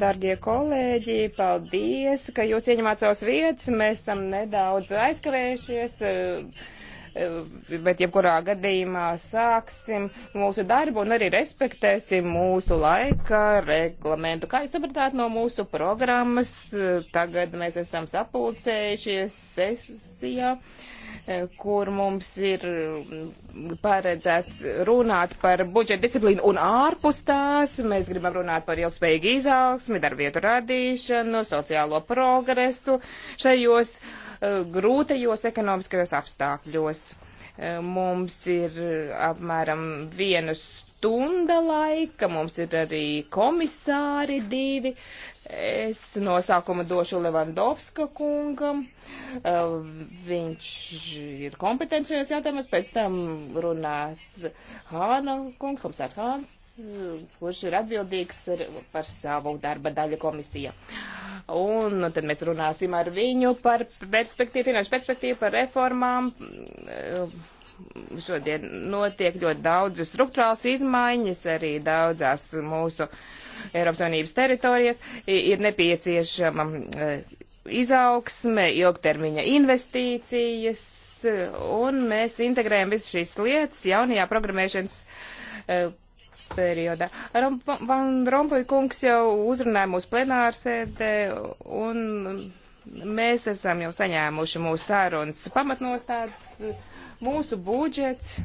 Darbie kolēģi, paldies, ka jūs ieņemāt savas vietas. Mēs esam nedaudz aizkavējušies, eh, eh, bet jebkurā gadījumā sāksim mūsu darbu un arī respektēsim mūsu laika reglamentu. Kā jūs sapratāt no mūsu programmas, eh, tagad mēs esam sapulcējušies sesijā. Ja E, kur mums ir mm, paredzēts runāt par budžeta disciplīnu un ārpus tās. Mēs gribam runāt par ilgspējīgu izaugsmi, darbvietu radīšanu, sociālo progresu šajos e, grūtajos ekonomiskajos apstākļos. E, mums ir apmēram vienas stunda laika, mums ir arī komisāri divi. Es no sākuma došu Levandovska kungam, uh, viņš ir kompetents šajos jautājumos, pēc tam runās Hāna kungs, komisārs Hāns, kurš ir atbildīgs par savu darba daļu komisija. Un tad mēs runāsim ar viņu par perspektīvu, finanšu perspektīvu, par reformām uh, šodien notiek ļoti daudz struktūrāls izmaiņas arī daudzās mūsu Eiropas Savienības teritorijas. Ir nepieciešama e, izaugsme, ilgtermiņa investīcijas, e, un mēs integrējam visu šīs lietas jaunajā programmēšanas e, periodā. Van Rompuy kungs jau uzrunāja mūsu plenārsēdē, un mēs esam jau saņēmuši mūsu sārunas pamatnostādes mūsu budžets.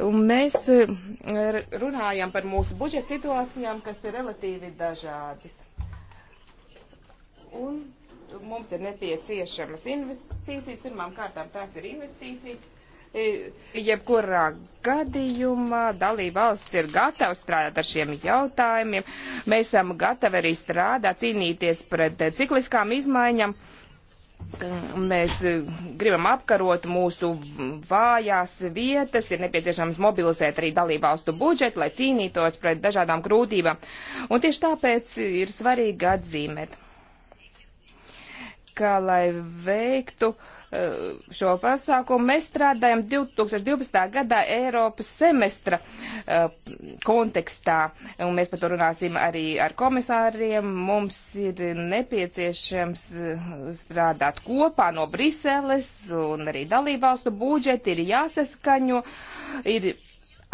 Un mēs e, runājam par mūsu budžeta situācijām, kas ir relatīvi dažādas. Un mums ir nepieciešamas investīcijas. Pirmām kārtām tās ir investīcijas. E, jebkurā gadījumā dalība valsts ir gatava strādāt ar šiem jautājumiem. Mēs esam gatavi arī strādāt, cīnīties pret cikliskām izmaiņām. Uh, mēs eh, gribam apkarot mūsu vājās vietas, ir nepieciešams mobilizēt arī dalībvalstu budžetu, lai cīnītos pret dažādām grūtībām. Un tieši tāpēc ir svarīgi atzīmēt, ka, lai veiktu uh, Eh, šo pasākumu. Mēs strādājam 2012. gadā Eiropas semestra eh, kontekstā, un mēs par to runāsim arī ar komisāriem. Mums ir nepieciešams eh, strādāt kopā no Briseles, un arī dalībvalstu budžeti ir jāsaskaņo. Ir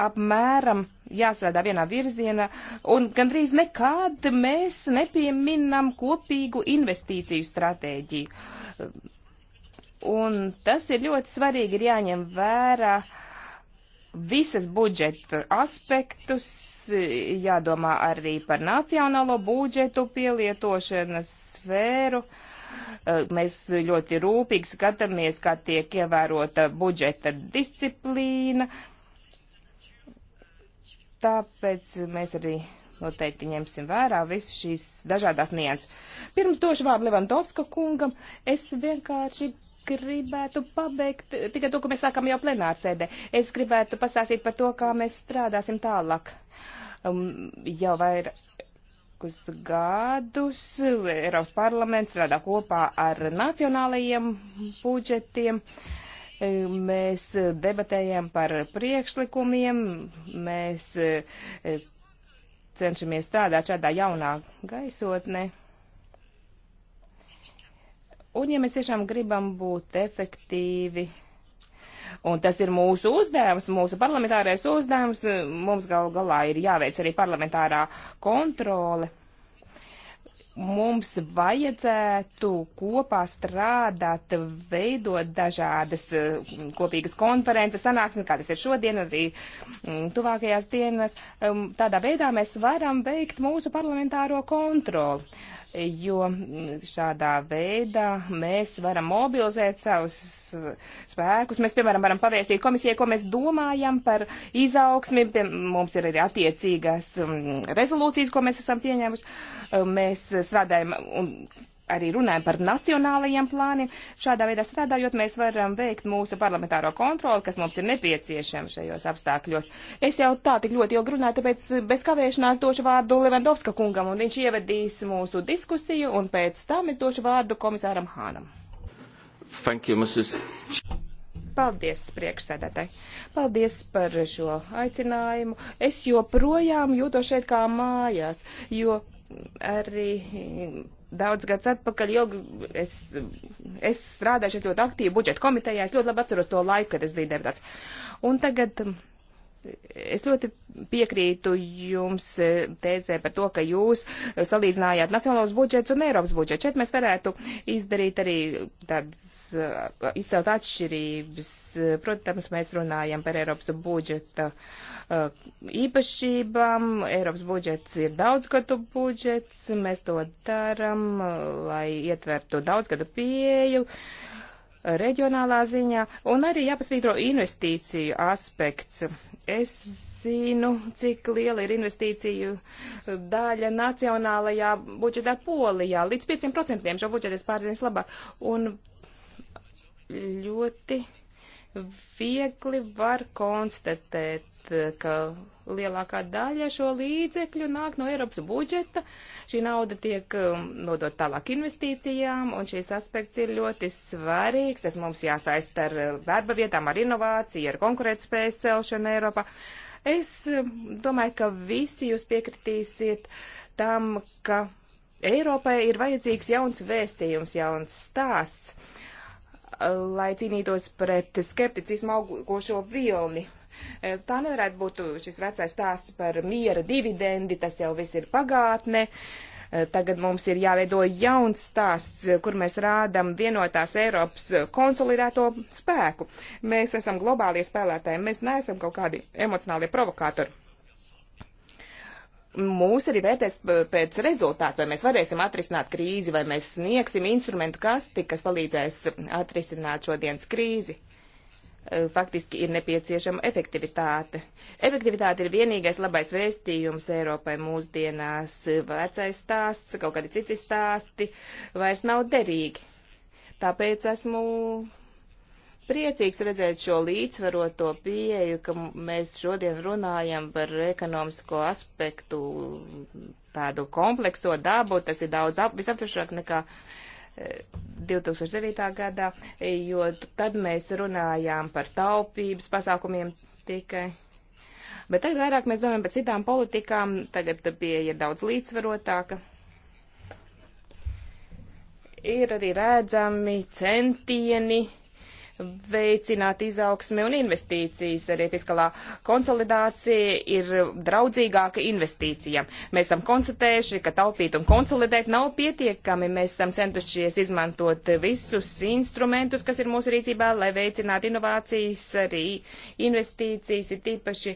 apmēram jāstrādā vienā virzienā, un gandrīz nekad mēs nepieminam kopīgu investīciju stratēģiju. Un tas ir ļoti svarīgi, ir jāņem vērā visas budžeta aspektus, jādomā arī par nacionālo budžetu pielietošanas sfēru. Eh, mēs ļoti rūpīgi skatāmies, kā tiek ievērota budžeta disciplīna. Tāpēc mēs arī noteikti ņemsim vērā visu šīs dažādās nianses. Pirms došu vārdu Levantovska kungam, es vienkārši gribētu pabeigt tikai to, ko mēs sākam jau plenārsēdē. Es gribētu pastāstīt par to, kā mēs strādāsim tālāk. Um, jau vairākus gadus Eiropas parlaments strādā kopā ar nacionālajiem budžetiem. Um, mēs debatējam par priekšlikumiem, mēs eh, cenšamies strādāt šādā jaunā gaisotnē. Un ja mēs tiešām gribam būt efektīvi, un tas ir mūsu uzdevums, mūsu parlamentārais uzdevums, mums gal galā ir jāveic arī parlamentārā kontrole. Mums vajadzētu kopā strādāt, veidot dažādas mm, kopīgas konferences, sanāksmes, kā tas ir šodien, arī mm, tuvākajās dienas. Mm, tādā veidā mēs varam veikt mūsu parlamentāro kontroli jo šādā veidā mēs varam mobilizēt savus spēkus. Mēs, piemēram, varam pavēstīt komisijai, ko mēs domājam par izaugsmi. Mums ir arī attiecīgās mm, rezolūcijas, ko mēs esam pieņēmuši. Mēs strādājam un arī runājam par nacionālajiem plāniem. Šādā veidā strādājot, mēs varam veikt mūsu parlamentāro kontroli, kas mums ir nepieciešama šajos apstākļos. Es jau tā tik ļoti ilgi runāju, tāpēc bez kavēšanās došu vārdu Levandovska kungam, un viņš ievedīs mūsu diskusiju, un pēc tam es došu vārdu komisāram Hānam. Thank you, Mrs. Paldies, priekšsēdētāji. Paldies par šo aicinājumu. Es joprojām jūtos šeit kā mājās, jo arī daudz gadus atpakaļ, jo es, es strādāju šeit ļoti aktīvi budžeta komitejā, es ļoti labi atceros to laiku, kad es biju deputāts. Un tagad Es ļoti piekrītu jums e, tēzē par to, ka jūs salīdzinājāt nacionālos budžets un Eiropas budžets. Šeit mēs varētu izdarīt arī tādas e, izcelt atšķirības. Protams, mēs runājam par Eiropas budžeta e, īpašībām. Eiropas budžets ir daudzgadu budžets. Mēs to daram, lai ietvertu daudzgadu pieju. Uh, reģionālā ziņā, un arī jāpasvītro investīciju aspekts. Es zinu, cik liela ir investīciju daļa nacionālajā budžetā Polijā, līdz 5% šo budžetu es pārzinis labāk, un ļoti viegli var konstatēt Eh, ka lielākā daļa šo līdzekļu nāk no Eiropas budžeta. Šī nauda tiek um, nodot tālāk investīcijām, un šis aspekts ir ļoti svarīgs. Tas mums jāsaist ar eh, darba vietām, ar inovāciju, ar konkurētspējas celšanu Eiropā. Es um, domāju, ka visi jūs piekritīsiet tam, ka Eiropai ir vajadzīgs jauns vēstījums, jauns stāsts, lai cīnītos pret skepticismu augošo vilni Eh, tā nevarētu būt šis vecais stāsts par miera dividendi, tas jau viss ir pagātne. Eh, tagad mums ir jāveido jauns stāsts, eh, kur mēs rādam vienotās Eiropas konsolidēto spēku. Mēs esam globālie spēlētāji, mēs neesam kaut kādi emocionālie provokātori. Mūs arī vērtēs pēc rezultātu, vai mēs varēsim atrisināt krīzi, vai mēs sniegsim instrumentu kasti, kas palīdzēs atrisināt šodienas krīzi. Eh, faktiski ir nepieciešama efektivitāte. Efektivitāte ir vienīgais labais vēstījums Eiropai mūsdienās. Vecais stāsts, kaut kādi citi stāsti vairs nav derīgi. Tāpēc esmu priecīgs redzēt šo līdzsvaroto pieeju, ka mēs šodien runājam par ekonomisko aspektu, tādu komplekso dabu, tas ir daudz ap, visaptvarošāk nekā uh, 2009. gadā, jo tad mēs runājām par taupības pasākumiem tikai. Bet tagad vairāk mēs domājam par citām politikām, tagad pieeja ir daudz līdzsvarotāka. Ir arī redzami centieni uh, veicināt izaugsmi un investīcijas. Arī fiskalā konsolidācija ir draudzīgāka investīcijām. Mēs esam konstatējuši, ka taupīt un konsolidēt nav pietiekami. Mēs esam centušies izmantot visus instrumentus, kas ir mūsu rīcībā, lai veicinātu inovācijas, arī investīcijas, ir tīpaši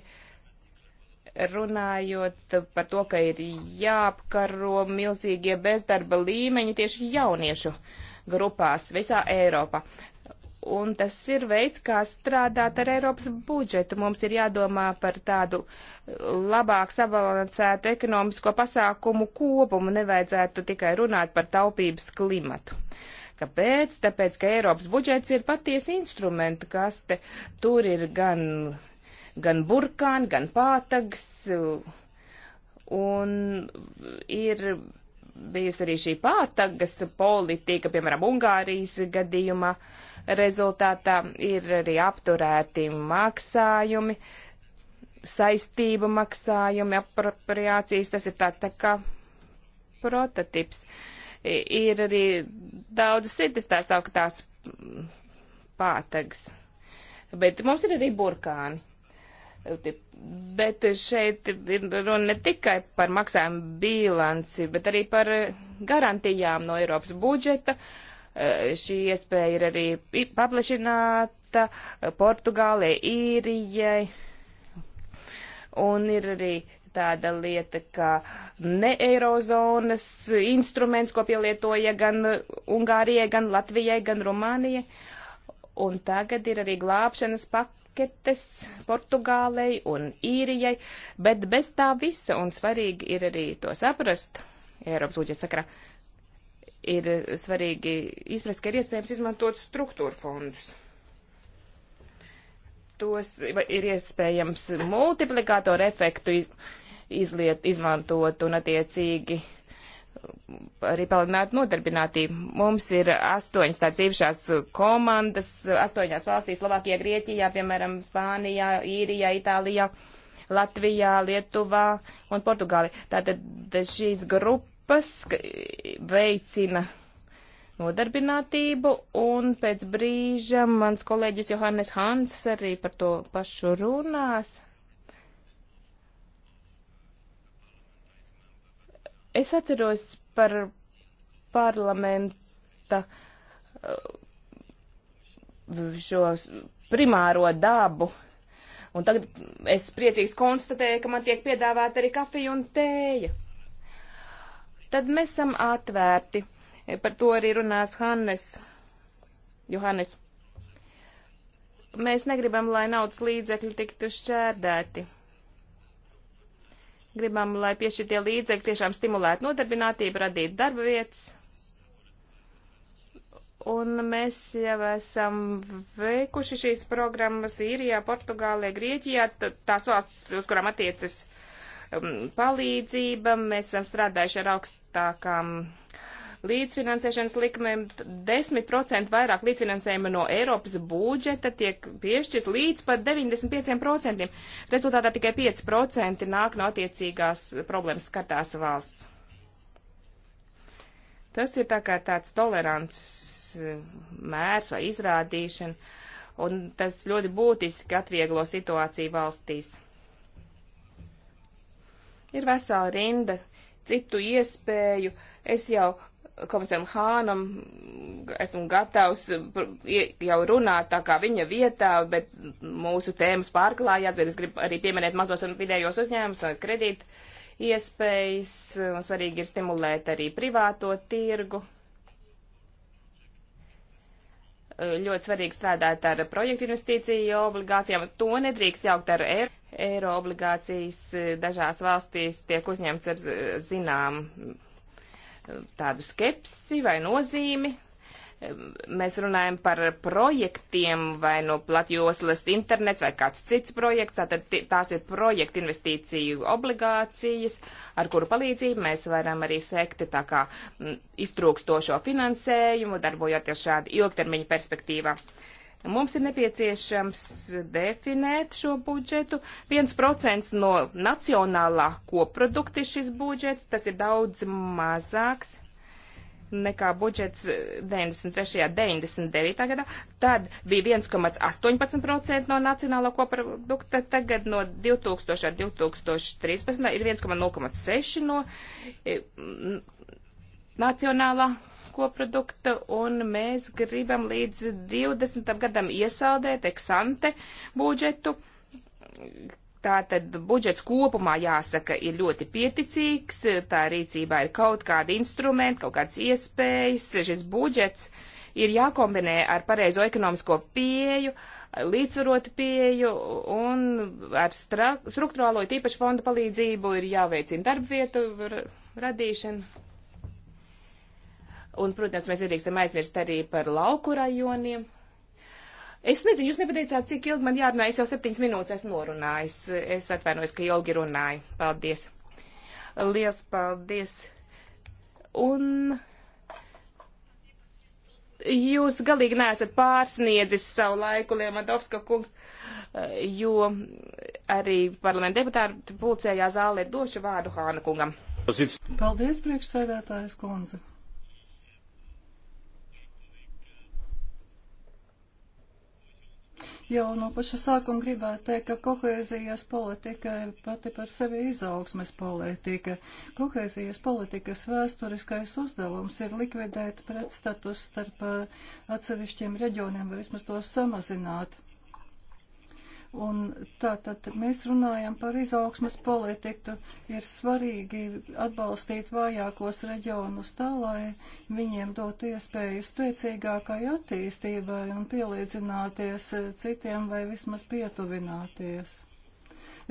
runājot par to, ka ir jāapkaro milzīgie bezdarba līmeņi tieši jauniešu grupās visā Eiropā. Un tas ir veids, kā strādāt ar Eiropas budžetu. Mums ir jādomā par tādu uh, labāk sabalansētu ekonomisko pasākumu kopumu. Nevajadzētu tikai runāt par taupības klimatu. Kāpēc? Tāpēc, ka Eiropas budžets ir patiesi instrumenti, kas te tur ir gan, gan burkāni, gan pātags. Uh, un ir bijusi arī šī pātagas politika, piemēram, Ungārijas gadījumā. Rezultātā ir arī apturēti maksājumi, saistību maksājumi, apropriācijas. Tas ir tāds tā kā prototips. Ir arī daudz citas tā sauktās pātagas. Bet mums ir arī burkāni Bet šeit ir runa ne tikai par maksājumu bilanci, bet arī par eh, garantijām no Eiropas budžeta. Eh, šī iespēja ir arī paplašināta eh, Portugālei, Īrijai. Un ir arī tāda lieta, kā ne eirozonas instruments, ko pielietoja gan Ungārijai, gan Latvijai, gan Rumānijai. Un tagad ir arī glābšanas pakāpe paketes Portugālei un īrijai, bet bez tā visa, un svarīgi ir arī to saprast, Eiropas budžeta sakarā, ir svarīgi izprast, ka ir iespējams izmantot struktūra fondus. Tos ir iespējams multiplikātoru efektu iz, izliet, izmantot un attiecīgi arī palielināt nodarbinātību. Mums ir astoņas tādas īpašās komandas, astoņās valstīs - Slovākijā, Grieķijā, piemēram, Spānijā, Īrijā, Itālijā, Latvijā, Lietuvā un Portugāli. Tātad šīs grupas veicina nodarbinātību, un pēc brīža mans kolēģis Johannes Hans arī par to pašu runās. Es atceros par parlamenta uh, šo primāro dabu. Un tagad es priecīgs konstatēju, ka man tiek piedāvāta arī kafija un tēja. Tad mēs esam atvērti. Par to arī runās Hannes. Johannes. Mēs negribam, lai naudas līdzekļi tiktu šķērdēti. Gribam, lai piešķirtie līdzekļi tiešām stimulētu nodarbinātību, radītu darba vietas. Un mēs jau esam veikuši šīs programmas Īrijā, Portugālē, Grieķijā, tās valsts, uz kurām attiecas um, palīdzība. Mēs esam strādājuši ar augstākām līdzfinansēšanas likmēm 10% vairāk līdzfinansējuma no Eiropas budžeta tiek piešķirt līdz pat 95%. Rezultātā tikai 5% nāk no attiecīgās problēmas skatās valsts. Tas ir tā kā tāds tolerants eh, mērs vai izrādīšana, un tas ļoti būtiski atvieglo situāciju valstīs. Ir vesela rinda citu iespēju. Es jau komisaram Hānam esmu gatavs jau runāt tā kā viņa vietā, bet mūsu tēmas pārklājās, bet es gribu arī pieminēt mazos un vidējos uzņēmumus, eh, kredīt iespējas, un svarīgi ir stimulēt arī privāto tirgu. Eh, ļoti svarīgi strādāt ar projektu investīciju obligācijām. To nedrīkst jaukt ar eiro. Eiro obligācijas eh, dažās valstīs tiek uzņemts ar zinām tādu skepsi vai nozīmi. Mēs runājam par projektiem vai no platjoslas internets vai kāds cits projekts. Tātad tās ir projekta investīciju obligācijas, ar kuru palīdzību mēs varam arī sekti tā kā mm, iztrūkstošo finansējumu, darbojoties šādi ilgtermiņa perspektīvā. Uh, Mums ir nepieciešams definēt šo budžetu. 1% no nacionālā koprodukta ir šis budžets, tas ir daudz mazāks nekā budžets 93. 99. gadā, tad bija 1,18% no nacionālā koprodukta, tagad no 2000. 2013. ir 1,06% no e, nacionālā iekšzemesko produktu, un mēs gribam līdz 20. gadam iesaldēt eksante budžetu. Tātad budžets kopumā, jāsaka, ir ļoti pieticīgs, tā rīcībā ir kaut kādi instrumenti, kaut kādas iespējas. Šis budžets ir jākombinē ar pareizo ekonomisko pieju, līdzsvarotu pieju un ar struktūrālo tīpaši fonda palīdzību ir jāveicina darbvietu radīšana. Un, protams, mēs nedrīkstam aizmirst arī par lauku rajoniem. Es nezinu, jūs nepateicāt, cik ilgi man jārunā. Es jau septiņas minūtes esmu norunājis. Es atvainojos, ka ilgi runāju. Paldies. Liels paldies. Un jūs galīgi neesat pārsniedzis savu laiku, Liemandovska kungs, jo arī parlamenta deputāti pulcējā zālē došu vārdu Hāna kungam. Paldies, priekšsēdētājas kundze. Jau no paša sākuma gribētu teikt, ka kohēzijas politika ir pati par sevi izaugsmes politika. Kohēzijas politikas vēsturiskais uzdevums ir likvidēt pretstatus starp eh, atsevišķiem reģioniem vai vismaz tos samazināt. Un tātad mēs runājam par izaugsmas politiku. Ir svarīgi atbalstīt vājākos reģionus tā, lai viņiem dotu iespēju spēcīgākai attīstībai un pielīdzināties citiem vai vismaz pietuvināties.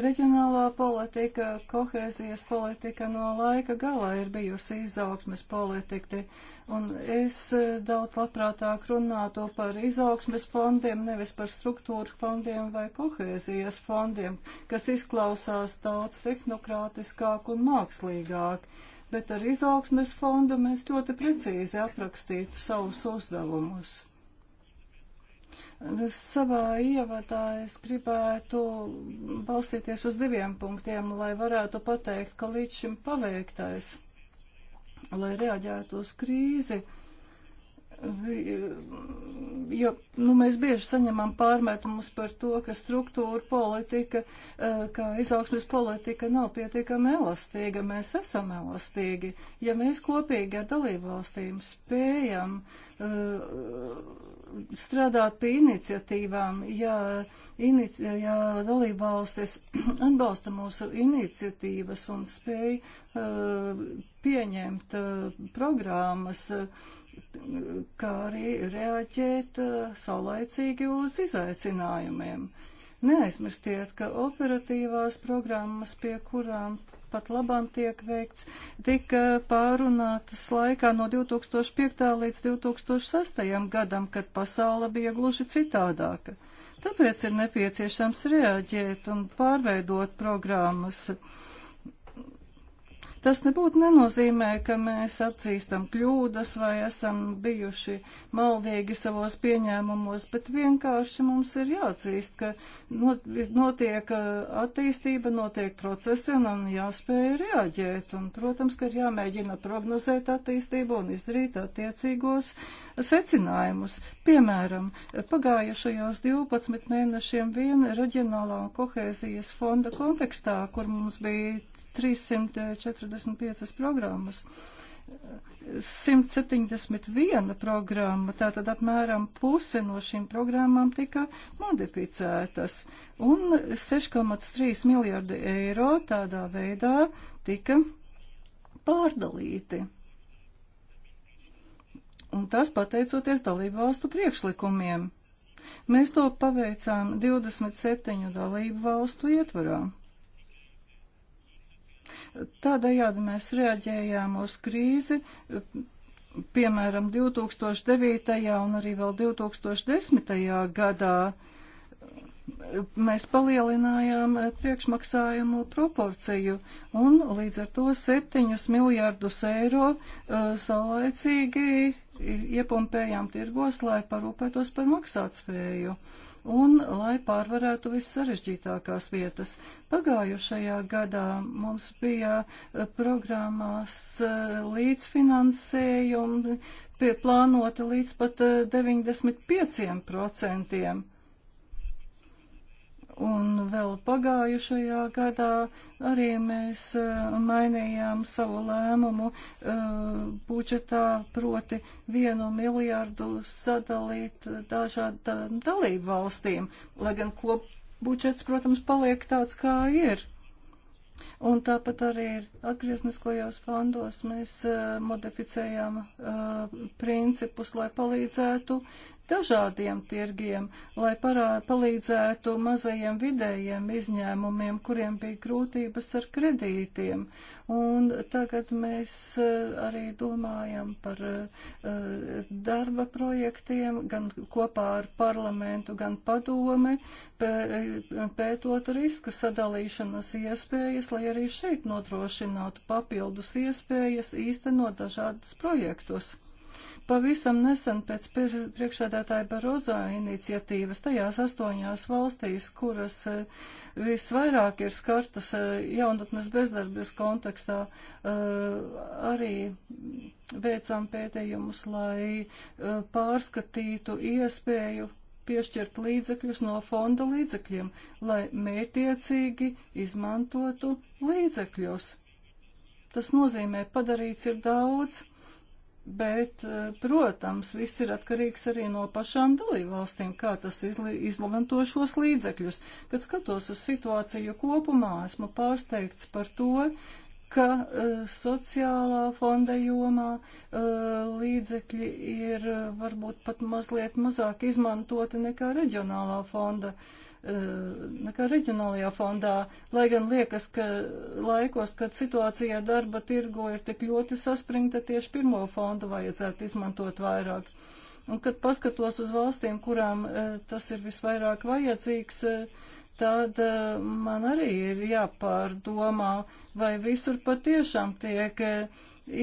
Reģionālā politika, kohēzijas politika no laika galā ir bijusi izaugsmes politika, un es eh, daudz labprātāk runātu par izaugsmes fondiem, nevis par struktūru fondiem vai kohēzijas fondiem, kas izklausās daudz tehnokrātiskāk un mākslīgāk bet ar izaugsmes fondu mēs ļoti precīzi aprakstītu savus uzdevumus. Savā ievadā es gribētu balstīties uz diviem punktiem, lai varētu pateikt, ka līdz šim paveiktais, lai reaģētu uz krīzi, jo nu, mēs bieži saņemam pārmetumus par to, ka struktūra politika, eh, ka izaugsmes politika nav pietiekami elastīga. Mēs esam elastīgi. Ja mēs kopīgi ar dalību valstīm spējam uh, strādāt pie iniciatīvām, ja, inici, ja dalībvalstis atbalsta mūsu iniciatīvas un spēj uh, pieņemt uh, programmas, uh, kā arī reaģēt uh, saulaicīgi uz izaicinājumiem. Neaizmirstiet, ka operatīvās programmas, pie kurām pat labam tiek veikts, tika pārunātas laikā no 2005. līdz 2006. gadam, kad pasaula bija gluži citādāka. Tāpēc ir nepieciešams reaģēt un pārveidot programmas. Uh, Tas nebūtu nenozīmē, ka mēs atzīstam kļūdas vai esam bijuši maldīgi savos pieņēmumos, bet vienkārši mums ir jāatzīst, ka notiek uh, attīstība, notiek procesi un jāspēj reaģēt. Un, protams, ka ir jāmēģina prognozēt attīstību un izdarīt attiecīgos secinājumus. Piemēram, pagājušajos 12 mēnešiem vien reģionālā kohēzijas fonda kontekstā, kur mums bija 345 programmas. 171 programma, tātad apmēram puse no šīm programmām tika modificētas, un 6,3 miljardi eiro tādā veidā tika pārdalīti. Un tas pateicoties dalību valstu priekšlikumiem. Mēs to paveicām 27 dalību valstu ietvarām. Tādējādi mēs reaģējām uz krīzi, piemēram, 2009. un arī vēl 2010. gadā. Mēs palielinājām priekšmaksājumu proporciju un līdz ar to 7 miljārdus eiro e, saulēcīgi iepumpējām tirgos, lai parūpētos par maksātspēju. Uh, un lai pārvarētu vissarežģītākās vietas. Pagājušajā gadā mums bija eh, programmās eh, līdzfinansējumi pie plānota līdz pat 95%. Eh, Un vēl pagājušajā gadā arī mēs e, mainījām savu lēmumu e, budžetā, proti vienu miljārdu sadalīt dažādām dalību valstīm, lai gan kop budžets, protams, paliek tāds, kā ir. Un tāpat arī ir atgriezniskojos fondos mēs uh, modificējām uh, principus, lai palīdzētu uh, dažādiem tirgiem, lai parā, palīdzētu mazajiem vidējiem izņēmumiem, kuriem bija grūtības ar kredītiem. Un tagad mēs eh, arī domājam par eh, darba projektiem, gan kopā ar parlamentu, gan padomi, eh, pētot riska sadalīšanas iespējas, lai arī šeit nodrošinātu papildus iespējas īstenot dažādus projektus. Pavisam nesen pēc priekšsēdētāja Barozo iniciatīvas tajās astoņās valstīs, kuras e, visvairāk ir skartas e, jaunatnes bezdarbības kontekstā, e, arī veicām pētījumus, lai pārskatītu iespēju piešķirt līdzekļus no fonda līdzekļiem, lai mētiecīgi izmantotu līdzekļus. Tas nozīmē, padarīts ir daudz, Bet, eh, protams, viss ir atkarīgs arī no pašām dalībvalstīm, kā tas izlemanto šos līdzekļus. Kad skatos uz situāciju kopumā, esmu pārsteigts par to, ka uh, sociālā fonda jomā uh, līdzekļi ir varbūt pat mazliet mazāk izmantoti nekā reģionālā fonda. Uh, Eh, nekā reģionālajā fondā, lai gan liekas, ka laikos, kad situācija darba tirgo ir tik ļoti saspringta, tieši pirmo fondu vajadzētu izmantot vairāk. Un, kad paskatos uz valstīm, kurām eh, tas ir visvairāk vajadzīgs, eh, tad man arī ir jāpārdomā, vai visur patiešām tiek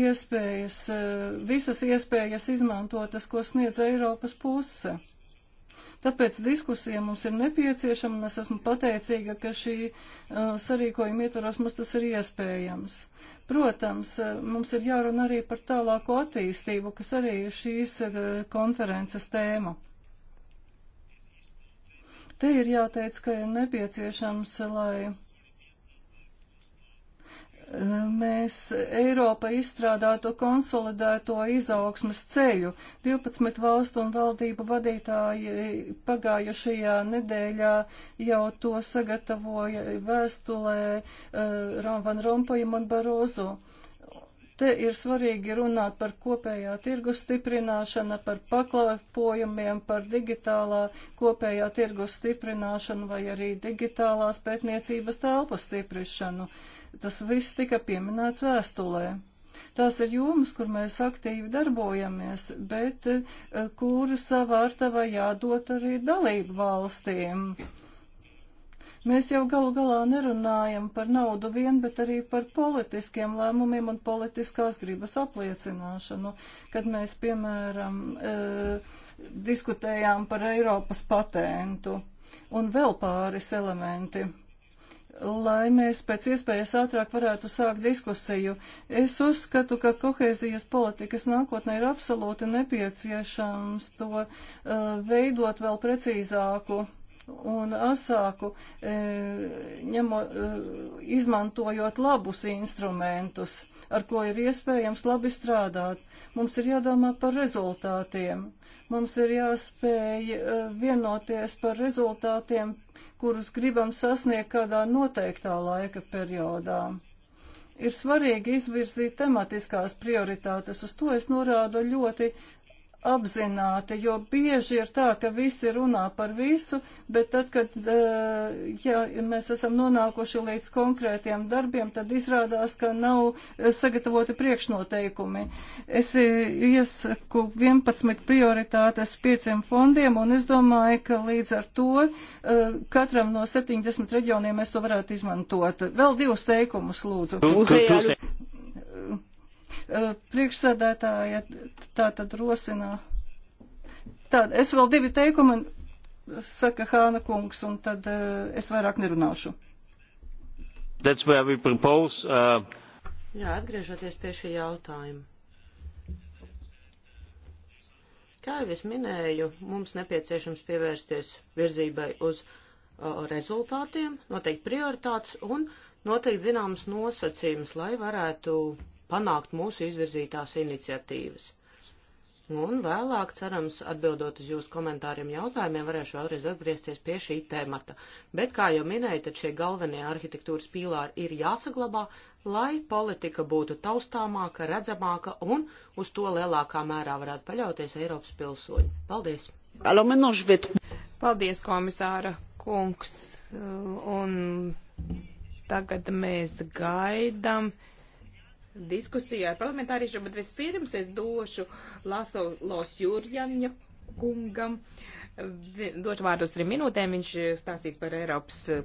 iespējas, visas iespējas izmantotas, ko sniedz Eiropas puse. Tāpēc diskusija mums ir nepieciešama, un es esmu pateicīga, ka šī uh, sarīkojuma ietvaros mums tas ir iespējams. Protams, uh, mums ir jārunā arī par tālāko attīstību, kas arī ir šīs uh, konferences tēma. Te ir jāteic, ka ir nepieciešams, lai mēs Eiropa izstrādātu konsolidēto izaugsmas ceļu. 12 valstu un valdību vadītāji pagājušajā nedēļā jau to sagatavoja vēstulē uh, Van Rompajam un Barozu. Te ir svarīgi runāt par kopējā tirgus stiprināšanu, par pakalpojumiem, par digitālā kopējā tirgus stiprināšanu vai arī digitālās pētniecības telpu stiprišanu. Uh, Tas viss tika pieminēts vēstulē. Tās ir jomas, kur mēs aktīvi darbojamies, bet eh, kuru savārtava jādod arī dalību valstīm. Mēs jau galu galā nerunājam par naudu vien, bet arī par politiskiem lēmumiem un politiskās gribas apliecināšanu, kad mēs, piemēram, e, diskutējām par Eiropas patentu un vēl pāris elementi lai mēs pēc iespējas ātrāk varētu sākt diskusiju. Es uzskatu, ka kohēzijas politikas nākotnē ir absolūti nepieciešams to uh, veidot vēl precīzāku un asāku, e, ņemo, e, izmantojot labus instrumentus. E, ar ko ir iespējams labi strādāt. Mums ir jādomā par rezultātiem. Mums ir jāspēj eh, vienoties par rezultātiem, kurus gribam sasniegt kādā noteiktā laika periodā. Ir svarīgi izvirzīt tematiskās prioritātes, uz to es norādu ļoti apzināti, jo bieži ir tā, ka visi runā par visu, bet tad, kad eh, ja mēs esam nonākuši līdz konkrētiem darbiem, tad izrādās, ka nav eh, sagatavoti priekšnoteikumi. Es eh, iesaku 11 prioritātes pieciem fondiem, un es domāju, ka līdz ar to katram no 70 reģioniem mēs to varētu izmantot. Vēl divus teikumus, lūdzu. Tu, tu, tu, Eh, priekšsēdētāja tā tad rosinā. Tad es vēl divi teikumi, saka Hāna kungs, un tad eh, es vairāk nerunāšu. That's where we propose. Uh... Jā, atgriežoties pie šī jautājuma. Kā jau es minēju, mums nepieciešams pievērsties virzībai uz uh, rezultātiem, noteikt prioritātes un noteikt zināmas nosacījumus, lai varētu panākt mūsu izvirzītās iniciatīvas. Un vēlāk, cerams, atbildot uz jūsu komentāriem jautājumiem, varēšu vēlreiz atgriezties pie šī temata. Bet, kā jau minēju, tad šie galvenie arhitektūras pīlāri ir jāsaglabā, lai politika būtu taustāmāka, redzamāka un uz to lielākā mērā varētu paļauties Eiropas pilsoņi. Paldies! Paldies, komisāra kungs! Un tagad mēs gaidām diskusiju ar parlamentāriešiem, bet vispirms es došu Laso Los Jurjanja kungam. Došu vārdus trim minūtēm, viņš stāstīs par Eiropas eh,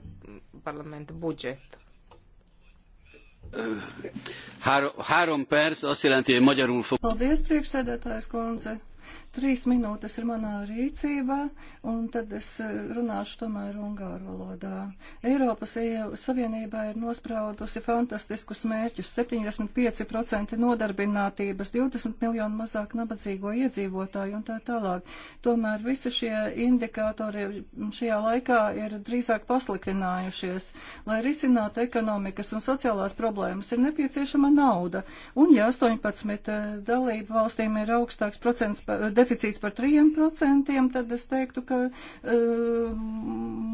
parlamenta budžetu. Három perc, azt jelenti, hogy magyarul fog... Paldies, priekšsēdētājs kundze. Trīs minūtes ir manā rīcībā, un tad es eh, runāšu tomēr ungāru valodā. Eiropas e- Savienībā ir nospraudusi fantastiskus mērķus - 75% nodarbinātības, 20 miljonu mazāk nabadzīgo iedzīvotāju un tā tālāk. Tomēr visi šie indikātori šajā laikā ir drīzāk pasliktinājušies. Lai risinātu ekonomikas un sociālās problēmas, ir nepieciešama nauda, un ja 18 eh, dalību valstīm ir augstāks procents par deficīts par 3%, tad es teiktu, ka e,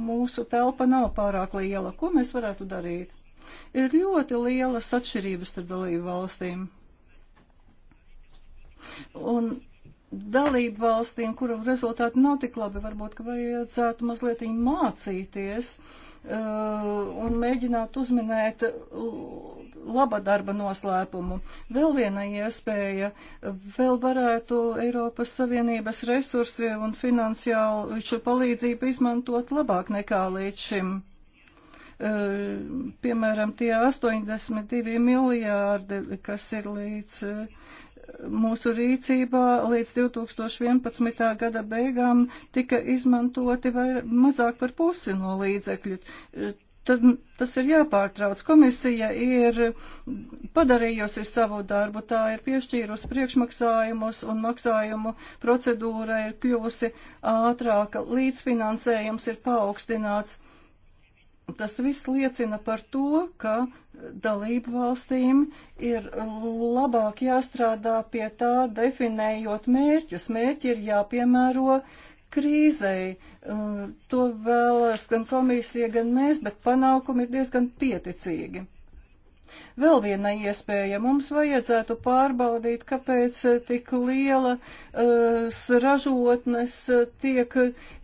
mūsu telpa nav pārāk liela. Ko mēs varētu darīt? Ir ļoti lielas atšķirības starp dalību valstīm. Un dalību valstīm, kuru rezultāti nav tik labi, varbūt, ka vajadzētu mazliet mācīties. Uh, Uh, un mēģināt uzminēt uh, laba darba noslēpumu. Vēl viena iespēja - vēl varētu Eiropas Savienības resursi un finansiālu palīdzību izmantot labāk nekā līdz šim. Uh, piemēram, tie 82 miljārdi, kas ir līdz mūsu rīcībā līdz 2011. gada beigām tika izmantoti vai mazāk par pusi no līdzekļu. Tad tas ir jāpārtrauc. Komisija ir padarījusi savu darbu, tā ir piešķīrusi priekšmaksājumus un maksājumu procedūra ir kļūsi ātrāka, līdzfinansējums ir paaugstināts Tas viss liecina par to, ka dalību valstīm ir labāk jāstrādā pie tā, definējot mērķus. Mērķi ir jāpiemēro krīzei. To vēlas gan komisija, gan mēs, bet panākumi ir diezgan pieticīgi. Vēl viena iespēja mums vajadzētu pārbaudīt, kāpēc eh, tik liela uh, ražotnes eh, tiek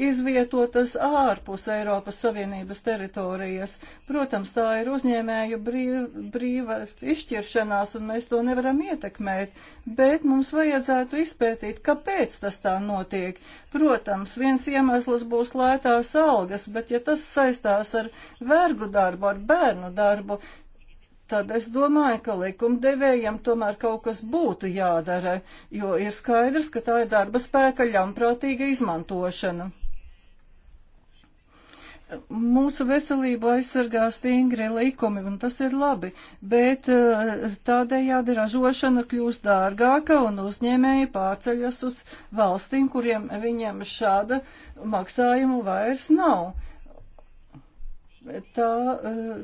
izvietotas ārpus Eiropas Savienības teritorijas. Protams, tā ir uzņēmēju brīv, brīva izšķiršanās, un mēs to nevaram ietekmēt, bet mums vajadzētu izpētīt, kāpēc tas tā notiek. Protams, viens iemesls būs lētās algas, bet ja tas saistās ar vergu darbu, ar bērnu darbu, tad es domāju, ka likumdevējiem tomēr kaut kas būtu jādara, jo ir skaidrs, ka tā ir darba spēka ļaunprātīga izmantošana. Mūsu veselību aizsargā stingri likumi, un tas ir labi, bet eh, tādējādi ražošana kļūst dārgāka un uzņēmēji pārceļas uz valstīm, kuriem viņiem šāda maksājuma vairs nav. Tā, eh,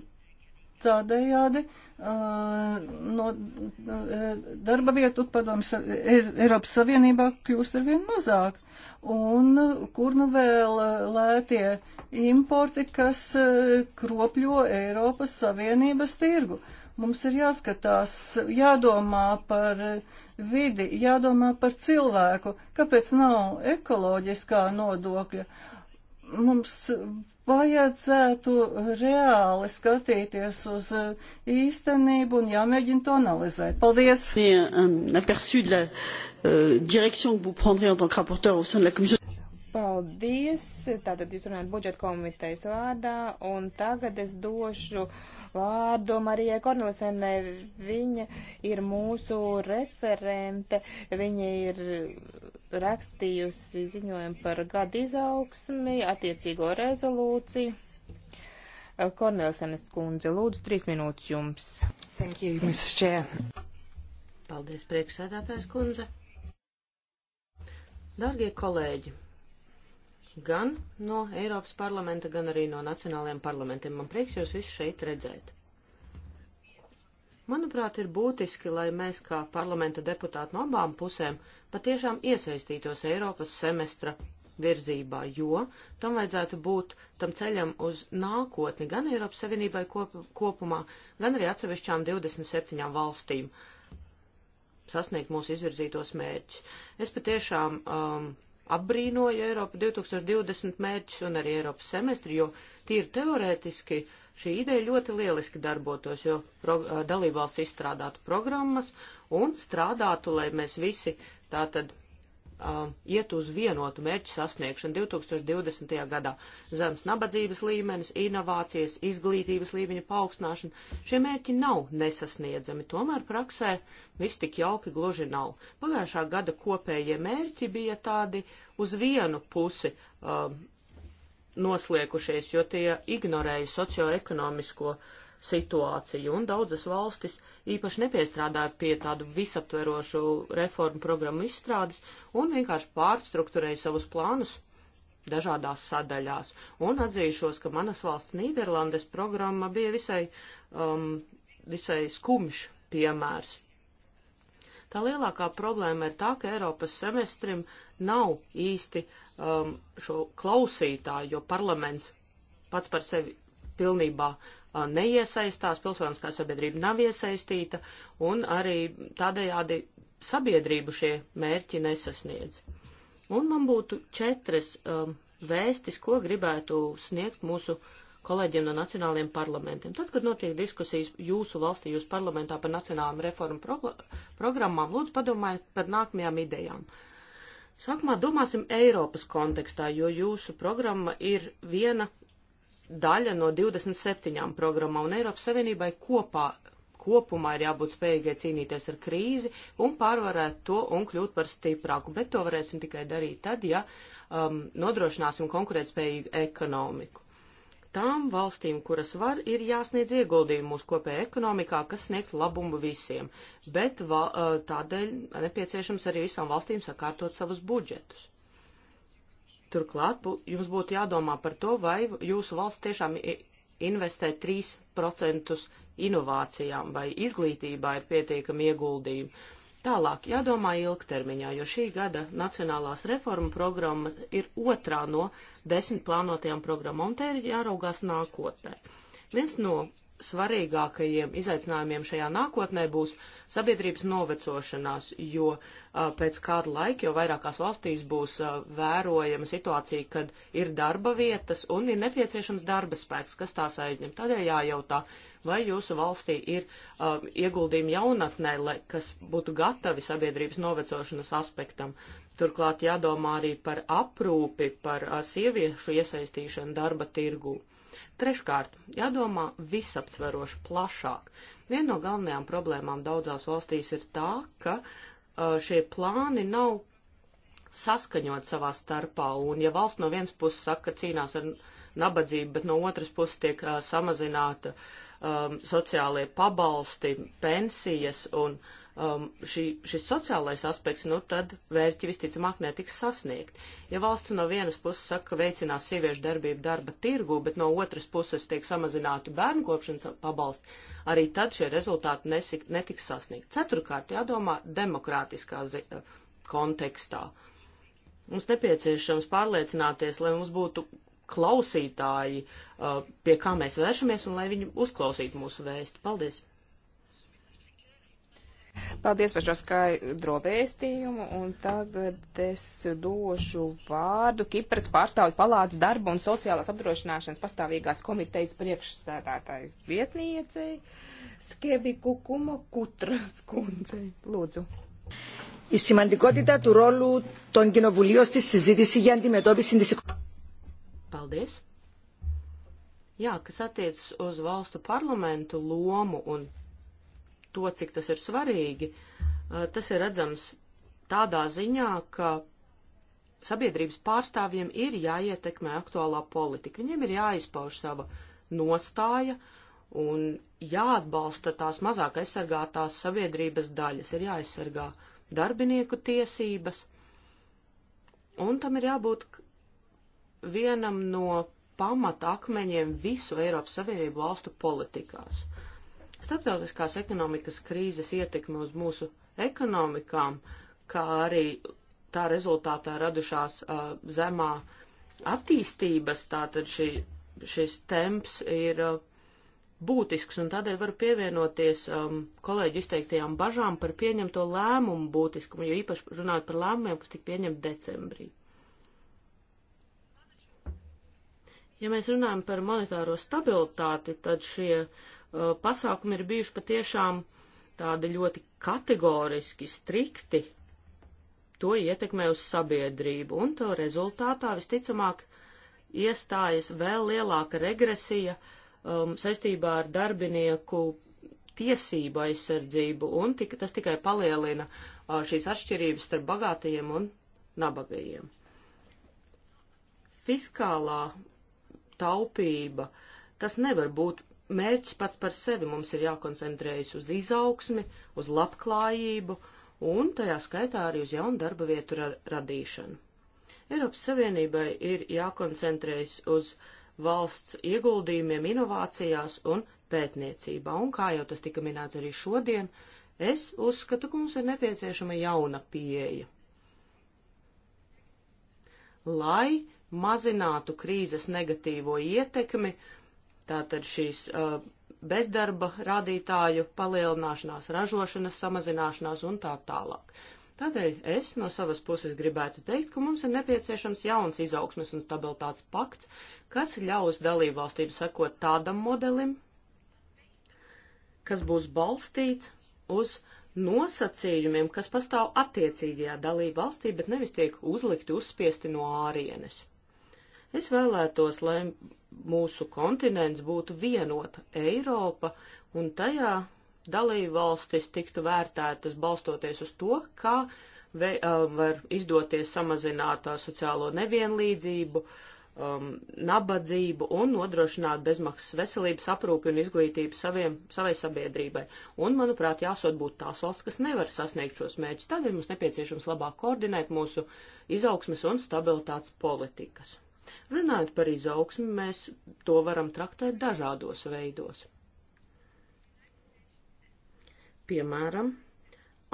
Tādējādi no darba vietu padomjas Eiropas Savienībā kļūst arvien mazāk. Un kur nu vēl lētie importi, kas kropļo Eiropas Savienības tirgu? Mums ir jāskatās, jādomā par vidi, jādomā par cilvēku, kāpēc nav ekoloģiskā nodokļa mums Vajadzētu reāli skatīties uz īstenību un jāmēģina to analizēt. Paldies! Euh, Paldies! Tātad jūs runājat budžeta komitejas vārdā, un tagad es došu vārdu Marijai Kornelsenē. Viņa ir mūsu referente, viņa ir rakstījusi ziņojumu par gadu izaugsmi, attiecīgo rezolūciju. Kornelsenes kundze, lūdzu, trīs minūtes jums. Thank you, Mrs. Chair. Paldies, priekšsēdētājs kundze. Dargie kolēģi, gan no Eiropas parlamenta, gan arī no nacionālajiem parlamentiem man prieks jūs visus šeit redzēt. Manuprāt, ir būtiski, lai mēs kā parlamenta deputāti no abām pusēm patiešām iesaistītos Eiropas semestra virzībā, jo tam vajadzētu būt tam ceļam uz nākotni gan Eiropas Savienībai kop, kopumā, gan arī atsevišķām 27 valstīm sasniegt mūsu izvirzītos mērķus. Es patiešām um, apbrīnoju Eiropa 2020 mērķus un arī Eiropas semestri, jo tīri teorētiski uh, Šī ideja ļoti lieliski darbotos, jo dalībvalsts izstrādātu programmas un strādātu, lai mēs visi tātad uh, iet uz vienotu mērķu sasniegšanu 2020. gadā. Zemes nabadzības līmenis, inovācijas, izglītības līmeņa paaugstināšana. Šie mērķi nav nesasniedzami, tomēr praksē viss tik jauki gluži nav. Pagājušā gada kopējie mērķi bija tādi uz vienu pusi. Uh, noslēgušies, jo tie ignorēja socioekonomisko situāciju, un daudzas valstis īpaši nepiestrādāja pie tādu visaptverošu reformu programmu izstrādes un vienkārši pārstruktūrēja savus plānus dažādās sadaļās. Un atzīšos, ka manas valsts Nīderlandes programma bija visai, um, visai skumjš piemērs. Tā lielākā problēma ir tā, ka Eiropas semestrim nav īsti uh, um, šo klausītāju, jo parlaments pats par sevi pilnībā uh, neiesaistās, pilsoniskā sabiedrība nav iesaistīta, un arī tādējādi sabiedrību šie mērķi nesasniedz. Un man būtu četras um, vēstis, ko gribētu sniegt mūsu kolēģiem no nacionāliem parlamentiem. Tad, kad notiek diskusijas jūsu valstī, jūsu parlamentā par nacionālām reformu prog programmām, lūdzu padomājiet par nākamajām idejām. Uh, Sākumā domāsim Eiropas kontekstā, jo jūsu programma ir viena daļa no 27 programmām, un Eiropas Savienībai kopā, kopumā ir jābūt spējīgai cīnīties ar krīzi un pārvarēt to un kļūt par stiprāku, bet to varēsim tikai darīt tad, ja um, nodrošināsim konkurētspējīgu ekonomiku tām valstīm, kuras var, ir jāsniedz ieguldījumi mūsu kopējā ekonomikā, kas sniegt labumu visiem, bet va, tādēļ nepieciešams arī visām valstīm sakārtot savus budžetus. Turklāt jums būtu jādomā par to, vai jūsu valsts tiešām investē 3% inovācijām vai izglītībā ir pietiekami ieguldījumi Tālāk jādomā ilgtermiņā, jo šī gada Nacionālās reforma programma ir otrā no desmit plānotajām programmām, un te ir jāraugās nākotnē. Viens no svarīgākajiem izaicinājumiem šajā nākotnē būs sabiedrības novecošanās, jo a, pēc kāda laika jau vairākās valstīs būs a, vērojama situācija, kad ir darba vietas un ir nepieciešams darba spēks, kas tās aizņem. Tādēļ jājautā, vai jūsu valstī ir um, ieguldījumi jaunatnē, lai, kas būtu gatavi sabiedrības novecošanas aspektam. Turklāt jādomā arī par aprūpi, par uh, sieviešu iesaistīšanu darba tirgū. Treškārt, jādomā visaptveroši plašāk. Viena no galvenajām problēmām daudzās valstīs ir tā, ka uh, šie plāni nav saskaņot savā starpā, un ja valsts no vienas puses saka, ka cīnās ar nabadzību, bet no otras puses tiek uh, samazināta uh, um, sociālie pabalsti, pensijas un um, šī, šis sociālais aspekts, nu tad vērķi visticamāk netiks sasniegt. Ja valsts no vienas puses saka, ka veicinās sieviešu darbību darba tirgu, bet no otras puses tiek samazināti bērnu kopšanas pabalsti, arī tad šie rezultāti nesik, netiks sasniegt. Ceturkārt, jādomā demokrātiskā uh, kontekstā. Mums nepieciešams pārliecināties, lai mums būtu klausītāji, uh, pie kā mēs vēršamies, un lai viņi uzklausītu mūsu vēstu. Paldies! Paldies par šo skaidro vēstījumu, un tagad es došu vārdu Kipras pārstāvju palātas darba un sociālās apdrošināšanas pastāvīgās komitejas priekšstādātājs vietniecei Skevi Kukuma Kutras kundzei. Lūdzu. Η σημαντικότητα του ρόλου των κοινοβουλίων στη συζήτηση για αντιμετώπιση της Paldies! Jā, kas attiecas uz valstu parlamentu lomu un to, cik tas ir svarīgi, eh, tas ir redzams tādā ziņā, ka sabiedrības pārstāvjiem ir jāietekmē aktuālā politika. Viņiem ir jāizpauž sava nostāja un jāatbalsta tās mazāk aizsargātās sabiedrības daļas, ir jāaizsargā darbinieku tiesības, un tam ir jābūt vienam no pamata akmeņiem visu Eiropas Savienību valstu politikās. Starptautiskās ekonomikas krīzes ietekme uz mūsu ekonomikām, kā arī tā rezultātā radušās uh, zemā attīstības, tātad šī, šis temps ir uh, būtisks, un tādēļ varu pievienoties um, kolēģi izteiktajām bažām par pieņemto lēmumu būtiskumu, jo īpaši runājot par lēmumiem, kas tika pieņemti decembrī. Ja mēs runājam par monetāro stabilitāti, tad šie uh, pasākumi ir bijuši patiešām tādi ļoti kategoriski, strikti. To ietekmē uz sabiedrību, un to rezultātā visticamāk iestājas vēl lielāka regresija um, saistībā ar darbinieku tiesību aizsardzību, un tika, tas tikai palielina uh, šīs atšķirības starp bagātajiem un nabagajiem. Fiskālā taupība, tas nevar būt mērķis pats par sevi. Mums ir jākoncentrējas uz izaugsmi, uz labklājību un tajā skaitā arī uz jaunu darba vietu ra radīšanu. Eiropas Savienībai ir jākoncentrējas uz valsts ieguldījumiem inovācijās un pētniecībā, un kā jau tas tika minēts arī šodien, es uzskatu, ka mums ir nepieciešama jauna pieeja. Lai mazinātu krīzes negatīvo ietekmi, tātad šīs uh, bezdarba rādītāju palielināšanās, ražošanas samazināšanās un tā tālāk. Tādēļ es no savas puses gribētu teikt, ka mums ir nepieciešams jauns izaugsmes un stabilitātes pakts, kas ļaus dalībvalstīm sekot tādam modelim, kas būs balstīts uz nosacījumiem, kas pastāv attiecīgajā dalībvalstī, bet nevis tiek uzlikti uzspiesti no ārienes. Es vēlētos, lai mūsu kontinents būtu vienota Eiropa un tajā dalību valstis tiktu vērtētas balstoties uz to, kā ve, um, var izdoties samazināt uh, sociālo nevienlīdzību, um, nabadzību un nodrošināt bezmaksas veselības aprūpi un izglītību saviem, savai sabiedrībai. Un, manuprāt, jāsot būt tās valsts, kas nevar sasniegt šos mērķus. Tādēļ mums nepieciešams labāk koordinēt mūsu izaugsmes un stabilitātes politikas. Runājot par izaugsmi, mēs to varam traktēt dažādos veidos. Piemēram,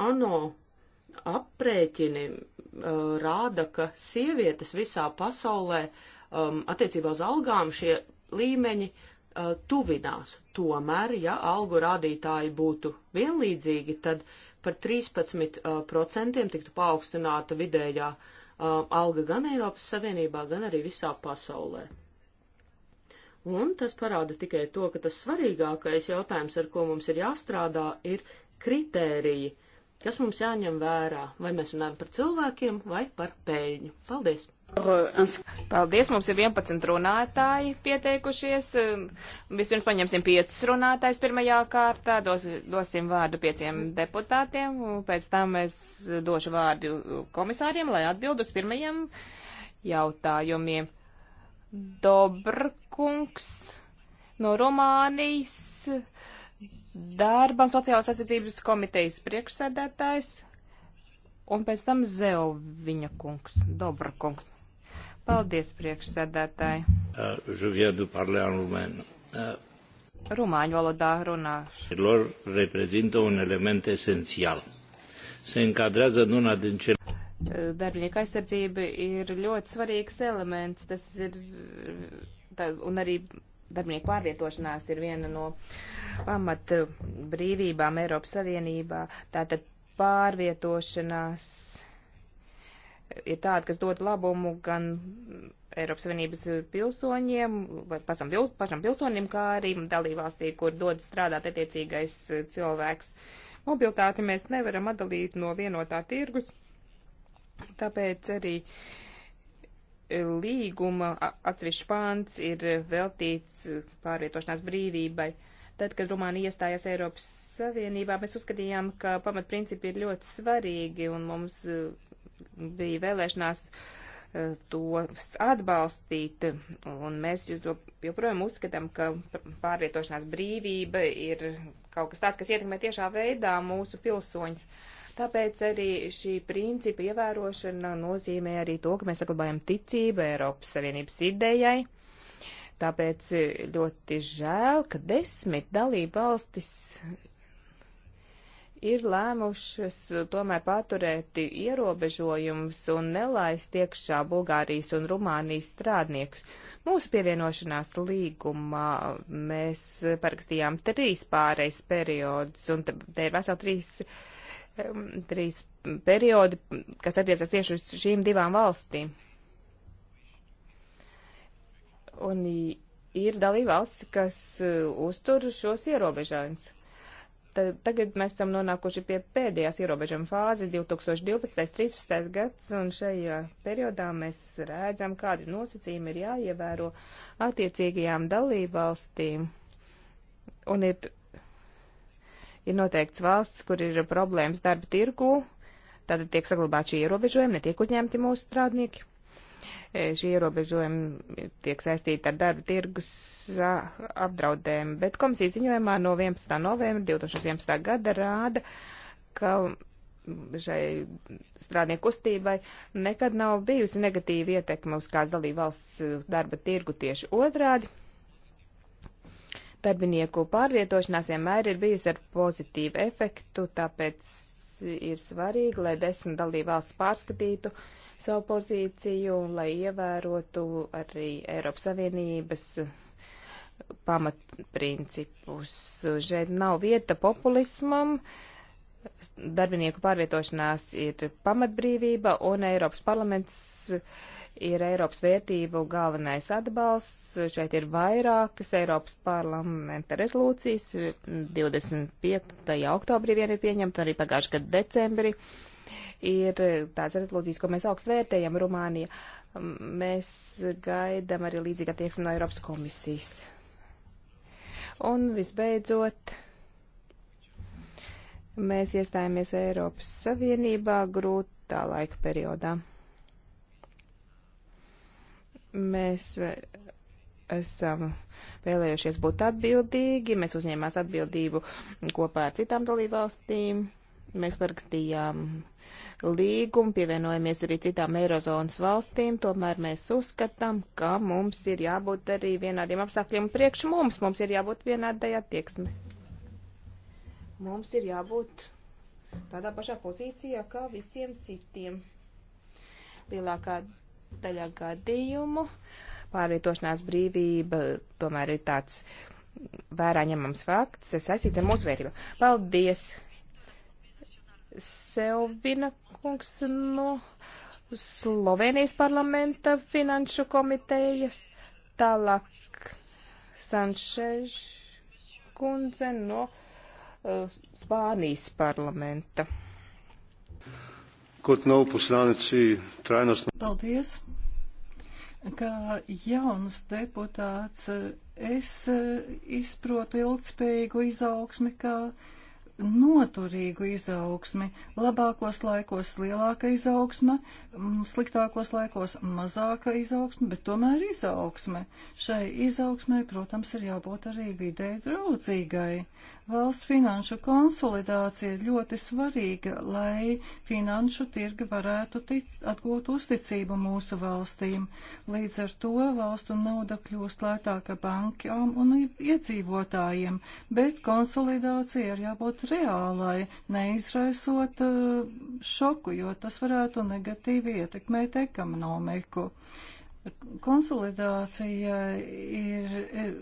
ANO aprēķini uh, rāda, ka sievietes visā pasaulē um, attiecībā uz algām šie līmeņi uh, tuvinās. Tomēr, ja algu rādītāji būtu vienlīdzīgi, tad par 13% uh, tiktu paaugstināta vidējā uh, Um, alga gan Eiropas Savienībā, gan arī visā pasaulē. Un tas parāda tikai to, ka tas svarīgākais jautājums, ar ko mums ir jāstrādā, ir kritēriji, kas mums jāņem vērā, vai mēs runājam par cilvēkiem vai par pēļņu. Paldies! Paldies, mums ir 11 runātāji pieteikušies. Ehm, vispirms paņemsim 5 runātājs pirmajā kārtā, dos, dosim vārdu pieciem deputātiem, pēc tam es došu vārdu komisāriem, lai atbild uz pirmajiem jautājumiem. Dobrkungs no Romānijas, darba un sociālās aizsardzības komitejas priekšsēdētājs un pēc tam Zeoviņa kungs, Dobra kungs. Paldies, priekšsēdētāji. Uh, uh, Rumāņu valodā runāšu. Lor reprezintă un element esențial. Se încadrează în una din cele uh, darbinieku aizsardzība ir ļoti svarīgs elements. Tas ir, tā, un arī darbinieku pārvietošanās ir viena no pamat brīvībām Eiropas Savienībā. Tātad pārvietošanās ir tāda, kas dod labumu gan Eiropas Savienības pilsoņiem, vai pašam, pašam pilsonim, kā arī dalībvalstī, kur dod strādāt attiecīgais cilvēks. Mobiltāti mēs nevaram atdalīt no vienotā tirgus, tāpēc arī līguma atsevišķi pāns ir veltīts pārvietošanās brīvībai. Tad, kad Rumānija iestājās Eiropas Savienībā, mēs uzskatījām, ka pamatprincipi ir ļoti svarīgi un mums bija vēlēšanās eh, to atbalstīt, un mēs joprojām uzskatām, ka pārvietošanās brīvība ir kaut kas tāds, kas ietekmē tiešā veidā mūsu pilsoņus. Tāpēc arī šī principa ievērošana nozīmē arī to, ka mēs saglabājam ticību Eiropas Savienības idejai. Tāpēc ļoti žēl, ka desmit dalība valstis ir lēmušas uh, tomēr paturēt ierobežojumus un nelaist iekšā Bulgārijas un Rumānijas strādniekus. Mūsu pievienošanās līgumā mēs parakstījām trīs pārejas periodus, un te ir vesel trīs, um, trīs periodi, kas attiecas tieši uz šīm divām valstīm. Un ir dalībvalsts, kas uh, uztur šos ierobežojumus tagad mēs esam nonākuši pie pēdējās ierobežojuma fāzes 2012-2013 gads, un šajā periodā mēs redzam, kādi nosacījumi ir jāievēro attiecīgajām dalībvalstīm. Un ir, ir noteikts valsts, kur ir problēmas darba tirgu, tātad tiek saglabāti šie ierobežojumi, netiek uzņemti mūsu strādnieki. E, šie ierobežojumi tiek saistīti ar darba tirgus apdraudējumu. Bet komisijas ziņojumā no 11. novembra 2011. gada rāda, ka šai strādnieku kustībai nekad nav bijusi negatīva ietekme uz kāds dalību valsts e, darba tirgu tieši otrādi. Darbinieku pārvietošanās vienmēr ir bijusi ar pozitīvu efektu, tāpēc ir svarīgi, lai desmit dalību valsts pārskatītu uh, savu pozīciju, lai ievērotu arī Eiropas Savienības pamatprincipus. Šeit nav vieta populismam. Darbinieku pārvietošanās ir pamatbrīvība un Eiropas parlaments ir Eiropas vērtību galvenais atbalsts. Šeit ir vairākas Eiropas parlamenta rezolūcijas. 25. oktobrī vien ir pieņemta, arī pagājušajā gadā decembrī. Uh, ir tāds rezolūcijas, ko mēs augstu vērtējam Rumānija. Mēs gaidam arī līdzīgā tieksme no Eiropas komisijas. Un visbeidzot, mēs iestājāmies Eiropas Savienībā grūtā laika periodā. Mēs esam vēlējušies būt atbildīgi, mēs uzņēmās atbildību kopā ar citām dalībvalstīm Mēs parakstījām līgumu, pievienojamies arī citām Eirozonas valstīm, tomēr mēs uzskatām, ka mums ir jābūt arī vienādiem apstākļiem priekš mums, mums ir jābūt vienādai attieksmi. Mums ir jābūt tādā pašā pozīcijā kā visiem citiem. Lielākā daļā gadījumu pārvietošanās brīvība tomēr ir tāds vērā ņemams fakts, saistīts ar mūsu vērtību. Paldies! Selvina kungs no Slovenijas parlamenta finanšu komitejas, tālāk Sančež kundze no eh, Spānijas parlamenta. Kot nav poslanici trajnostno. Paldies. Kā jauns deputāts es eh, izprotu ilgspējīgu izaugsmi kā noturīgu izaugsmi. Labākos laikos lielāka izaugsme, mm, sliktākos laikos mazāka izaugsme, bet tomēr izaugsme. Šai izaugsmai, protams, ir jābūt arī vidē draudzīgai. Valsts finanšu konsolidācija ir ļoti svarīga, lai finanšu tirgi varētu tic, atgūt uzticību mūsu valstīm. Līdz ar to valstu nauda kļūst lētāka bankām un iedzīvotājiem, bet konsolidācija ir jābūt reālai, neizraisot eh, šoku, jo tas varētu negatīvi ietekmēt ekonomiku konsolidācija ir eh,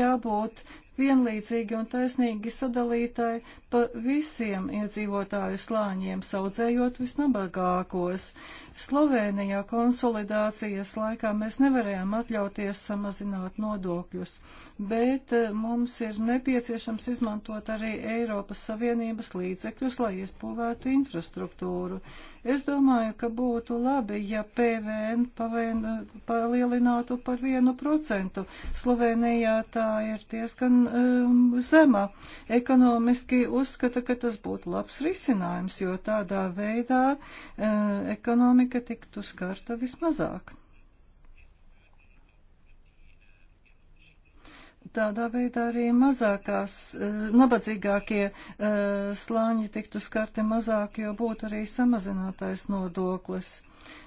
jābūt vienlīdzīgi un taisnīgi sadalītai pa visiem iedzīvotāju slāņiem, saudzējot visnabagākos. Slovenijā konsolidācijas laikā mēs nevarējām atļauties samazināt nodokļus, bet eh, mums ir nepieciešams izmantot arī Eiropas Savienības līdzekļus, lai izbūvētu infrastruktūru. Es domāju, ka būtu labi, ja PVN pavēn, palielinātu par vienu procentu. Slovenijā tā ir diezgan diezgan e, um, zema. Ekonomiski uzskata, ka tas būtu labs risinājums, jo tādā veidā uh, ekonomika tiktu skarta vismazāk. Tādā veidā arī mazākās, uh, nabadzīgākie uh, slāņi tiktu skarti mazāk, jo būtu arī samazinātais nodoklis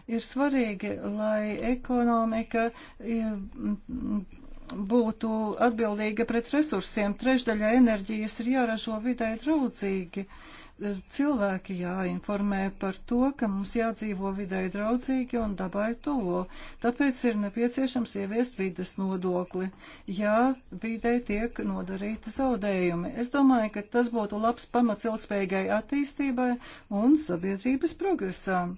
ir svarīgi, lai ekonomika būtu atbildīga pret resursiem. Trešdaļa enerģijas ir jāražo vidē draudzīgi. Cilvēki jāinformē par to, ka mums jādzīvo vidē draudzīgi un dabai tuvo. Tāpēc ir nepieciešams ieviest vides nodokli, ja vidē tiek nodarīti zaudējumi. Es domāju, ka tas būtu labs pamats ilgspējīgai attīstībai un sabiedrības progresām.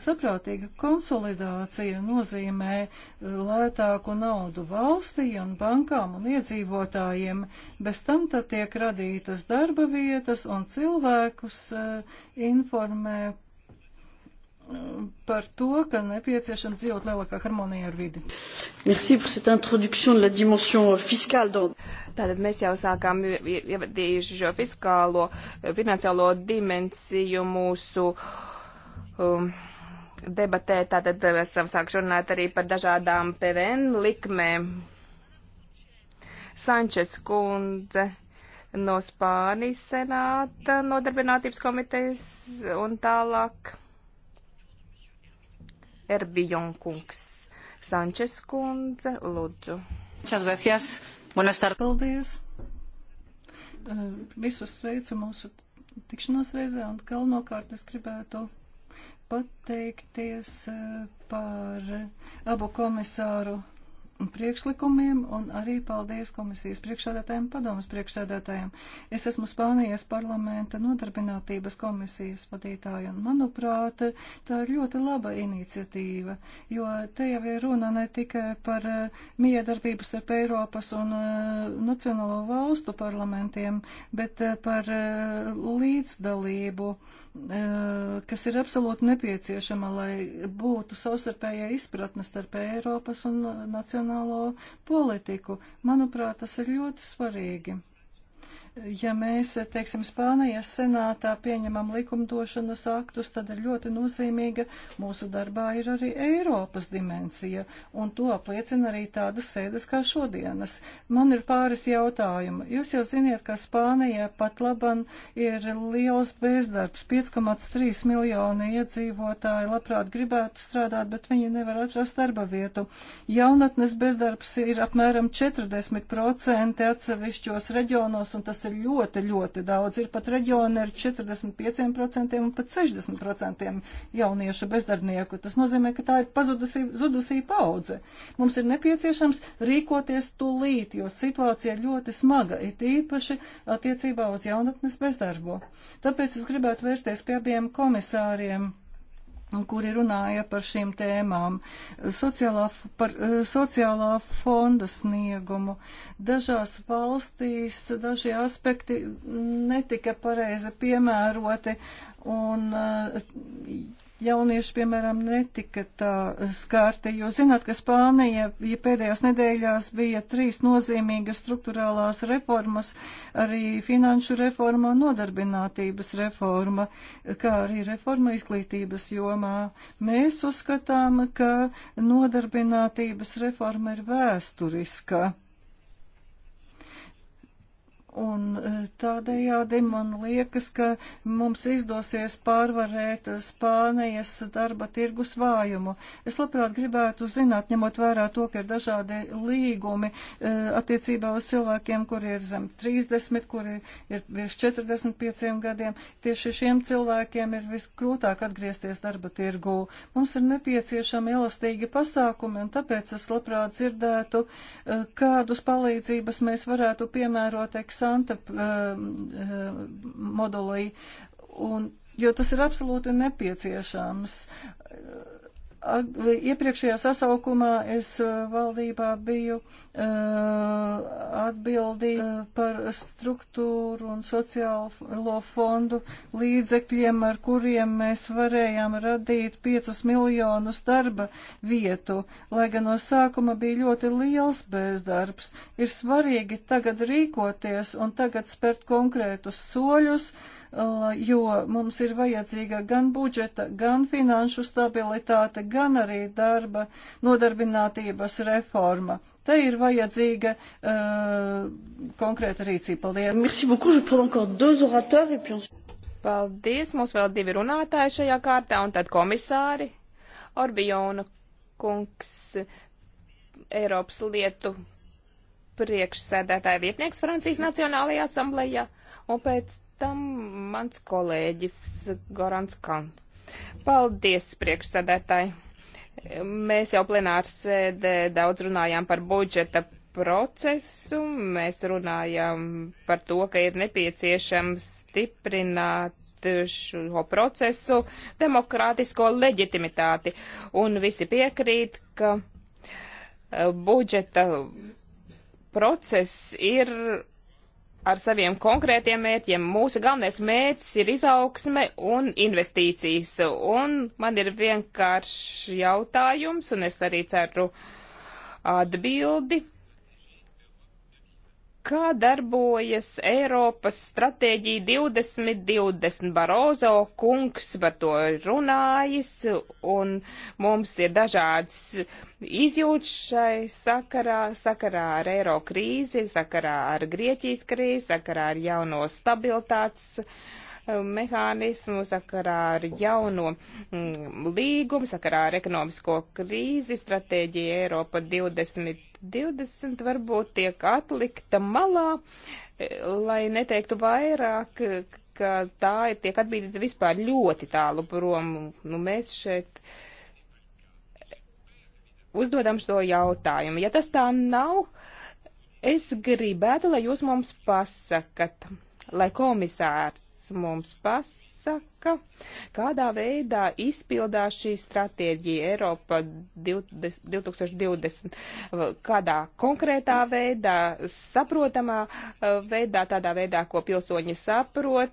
Saprātīga konsolidācija nozīmē uh, lētāku naudu valstī un bankām un iedzīvotājiem, bez tam tad tiek radītas darba vietas un cilvēkus uh, informē uh, par to, ka nepieciešams dzīvot lielākā harmonijā ar vidi. Merci par cette introduction de la dimension fiscale. Dans... Tātad mēs jau sākām ievadījuši šo fiskālo finansiālo dimensiju mūsu uh, um, debatē, tātad uh, esam sākuši runāt arī par dažādām PVN likmēm. Sančes kundze no Spānijas senāta nodarbinātības komitejas un tālāk Erbijon kungs. Sančes kundze, lūdzu. Muchas gracias. Buenas tardes. Paldies. Uh, visus sveicu mūsu tikšanās reizē un galvenokārt es gribētu pateikties eh, par eh, abu komisāru priekšlikumiem un arī paldies komisijas priekšsēdētājiem, padomas priekšsēdētājiem. Es esmu Spānijas parlamenta nodarbinātības komisijas vadītāja un, manuprāt, tā ir ļoti laba iniciatīva, jo te jau ir runa ne tikai par eh, miedarbību starp Eiropas un eh, Nacionālo valstu parlamentiem, bet eh, par līdzdalību, kas ir absolūti nepieciešama, lai būtu savstarpējā izpratne starp Eiropas un Nacionālo reģionālo politiku. Manuprāt, tas ir ļoti svarīgi. Ja mēs, teiksim, Spānijas senātā pieņemam likumdošanas aktus, tad ir ļoti nozīmīga mūsu darbā ir arī Eiropas dimensija, un to apliecina arī tādas sēdes kā šodienas. Man ir pāris jautājumu. Jūs jau ziniet, ka Spānijā pat laban ir liels bezdarbs. 5,3 miljoni iedzīvotāji labprāt gribētu strādāt, bet viņi nevar atrast darba vietu. Jaunatnes bezdarbs ir apmēram 40% atsevišķos reģionos, un tas ir ir ļoti, ļoti daudz. Ir pat reģioni ar 45% un pat 60% jauniešu bezdarbnieku. Tas nozīmē, ka tā ir pazudusī paudze. Mums ir nepieciešams rīkoties tūlīt, jo situācija ir ļoti smaga, it īpaši attiecībā uz jaunatnes bezdarbo. Tāpēc es gribētu vērsties pie abiem komisāriem kuri runāja par šīm tēmām, sociālā, par eh, sociālā fonda sniegumu. Dažās valstīs daži aspekti netika pareizi piemēroti un eh, jaunieši, piemēram, netika tā skārti, jo zināt, ka Spānija ja pēdējās nedēļās bija trīs nozīmīgas struktūrālās reformas, arī finanšu reforma un nodarbinātības reforma, kā arī reforma izglītības jomā. Mēs uzskatām, ka nodarbinātības reforma ir vēsturiska. Un e, tādējādi man liekas, ka mums izdosies pārvarēt Spānijas darba tirgus vājumu. Es labprāt gribētu zināt, ņemot vērā to, ka ir dažādi līgumi e, attiecībā uz cilvēkiem, kuri ir zem 30, kuri ir virs 45 gadiem. Tieši šiem cilvēkiem ir visgrūtāk atgriezties darba tirgū. Mums ir nepieciešami elastīgi pasākumi, un tāpēc es labprāt dzirdētu, e, kādus palīdzības mēs varētu piemērot. Eks eksanta eh, eh, modulī, un, jo tas ir absolūti nepieciešams. Iepriekšējā sasaukumā es uh, valdībā biju uh, atbildīga uh, par struktūru un sociālo fondu līdzekļiem, ar kuriem mēs varējām radīt 5 miljonus darba vietu, lai gan no sākuma bija ļoti liels bezdarbs. Ir svarīgi tagad rīkoties un tagad spērt konkrētus soļus, uh, jo mums ir vajadzīga gan budžeta, gan finanšu stabilitāte, gan arī darba nodarbinātības reforma. Te ir vajadzīga uh, konkrēta rīcība. Paldies! Merci beaucoup, je prends encore deux orateurs et puis on... Paldies! Mums vēl divi runātāji šajā kārtā un tad komisāri. Orbiona kungs, Eiropas lietu priekšsēdētāja vietnieks Francijas Nacionālajā asamblējā un pēc tam mans kolēģis Gorants Kants. Paldies, priekšsēdētāji! Mēs jau plenārs sēdē daudz runājām par budžeta procesu, mēs runājām par to, ka ir nepieciešams stiprināt šo procesu demokrātisko leģitimitāti, un visi piekrīt, ka eh, budžeta process ir ar saviem konkrētiem mērķiem. Mūsu galvenais mērķis ir izaugsme un investīcijas. Un man ir vienkāršs jautājums, un es arī ceru atbildi kā darbojas Eiropas stratēģija 2020. Barozo kungs par to runājis, un mums ir dažādas izjūtas šai sakarā, sakarā ar eiro krīzi, sakarā ar Grieķijas krīzi, sakarā ar jauno stabilitātes um, mehānismu, sakarā ar jauno mm, līgumu, sakarā ar ekonomisko krīzi, stratēģija Eiropa 2020 20 varbūt tiek atlikta malā, e, lai neteiktu vairāk, ka tā ir tiek atbīdīta vispār ļoti tālu prom. Nu, mēs šeit uzdodam šo jautājumu. Ja tas tā nav, es gribētu, lai jūs mums pasakat, lai komisārs mums pasakat jānosaka, kādā veidā izpildās šī stratēģija Eiropa 2020, kādā konkrētā veidā, saprotamā eh, veidā, tādā veidā, ko pilsoņi saprot,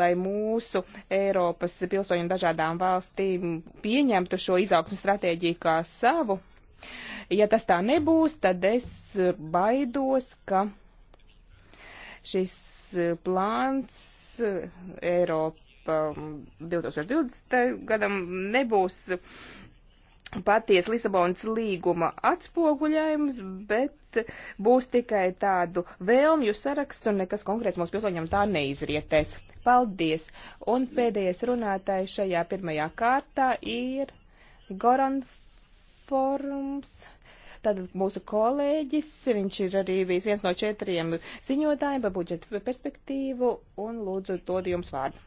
lai mūsu Eiropas pilsoņi un dažādām valstīm pieņemtu šo izaugsmu stratēģiju kā savu. Ja tas tā nebūs, tad es baidos, ka šis eh, plāns eh, Eiropa 2020. gadam nebūs paties Lisabonas līguma atspoguļojums, bet būs tikai tādu vēlmju saraksts un nekas konkrēts mūsu pilsoņiem tā neizrietēs. Paldies! Un pēdējais runātājs šajā pirmajā kārtā ir Goran Forums. Tātad mūsu kolēģis, viņš ir arī bijis viens no četriem ziņotājiem par budžeta perspektīvu un lūdzu dodu jums vārdu.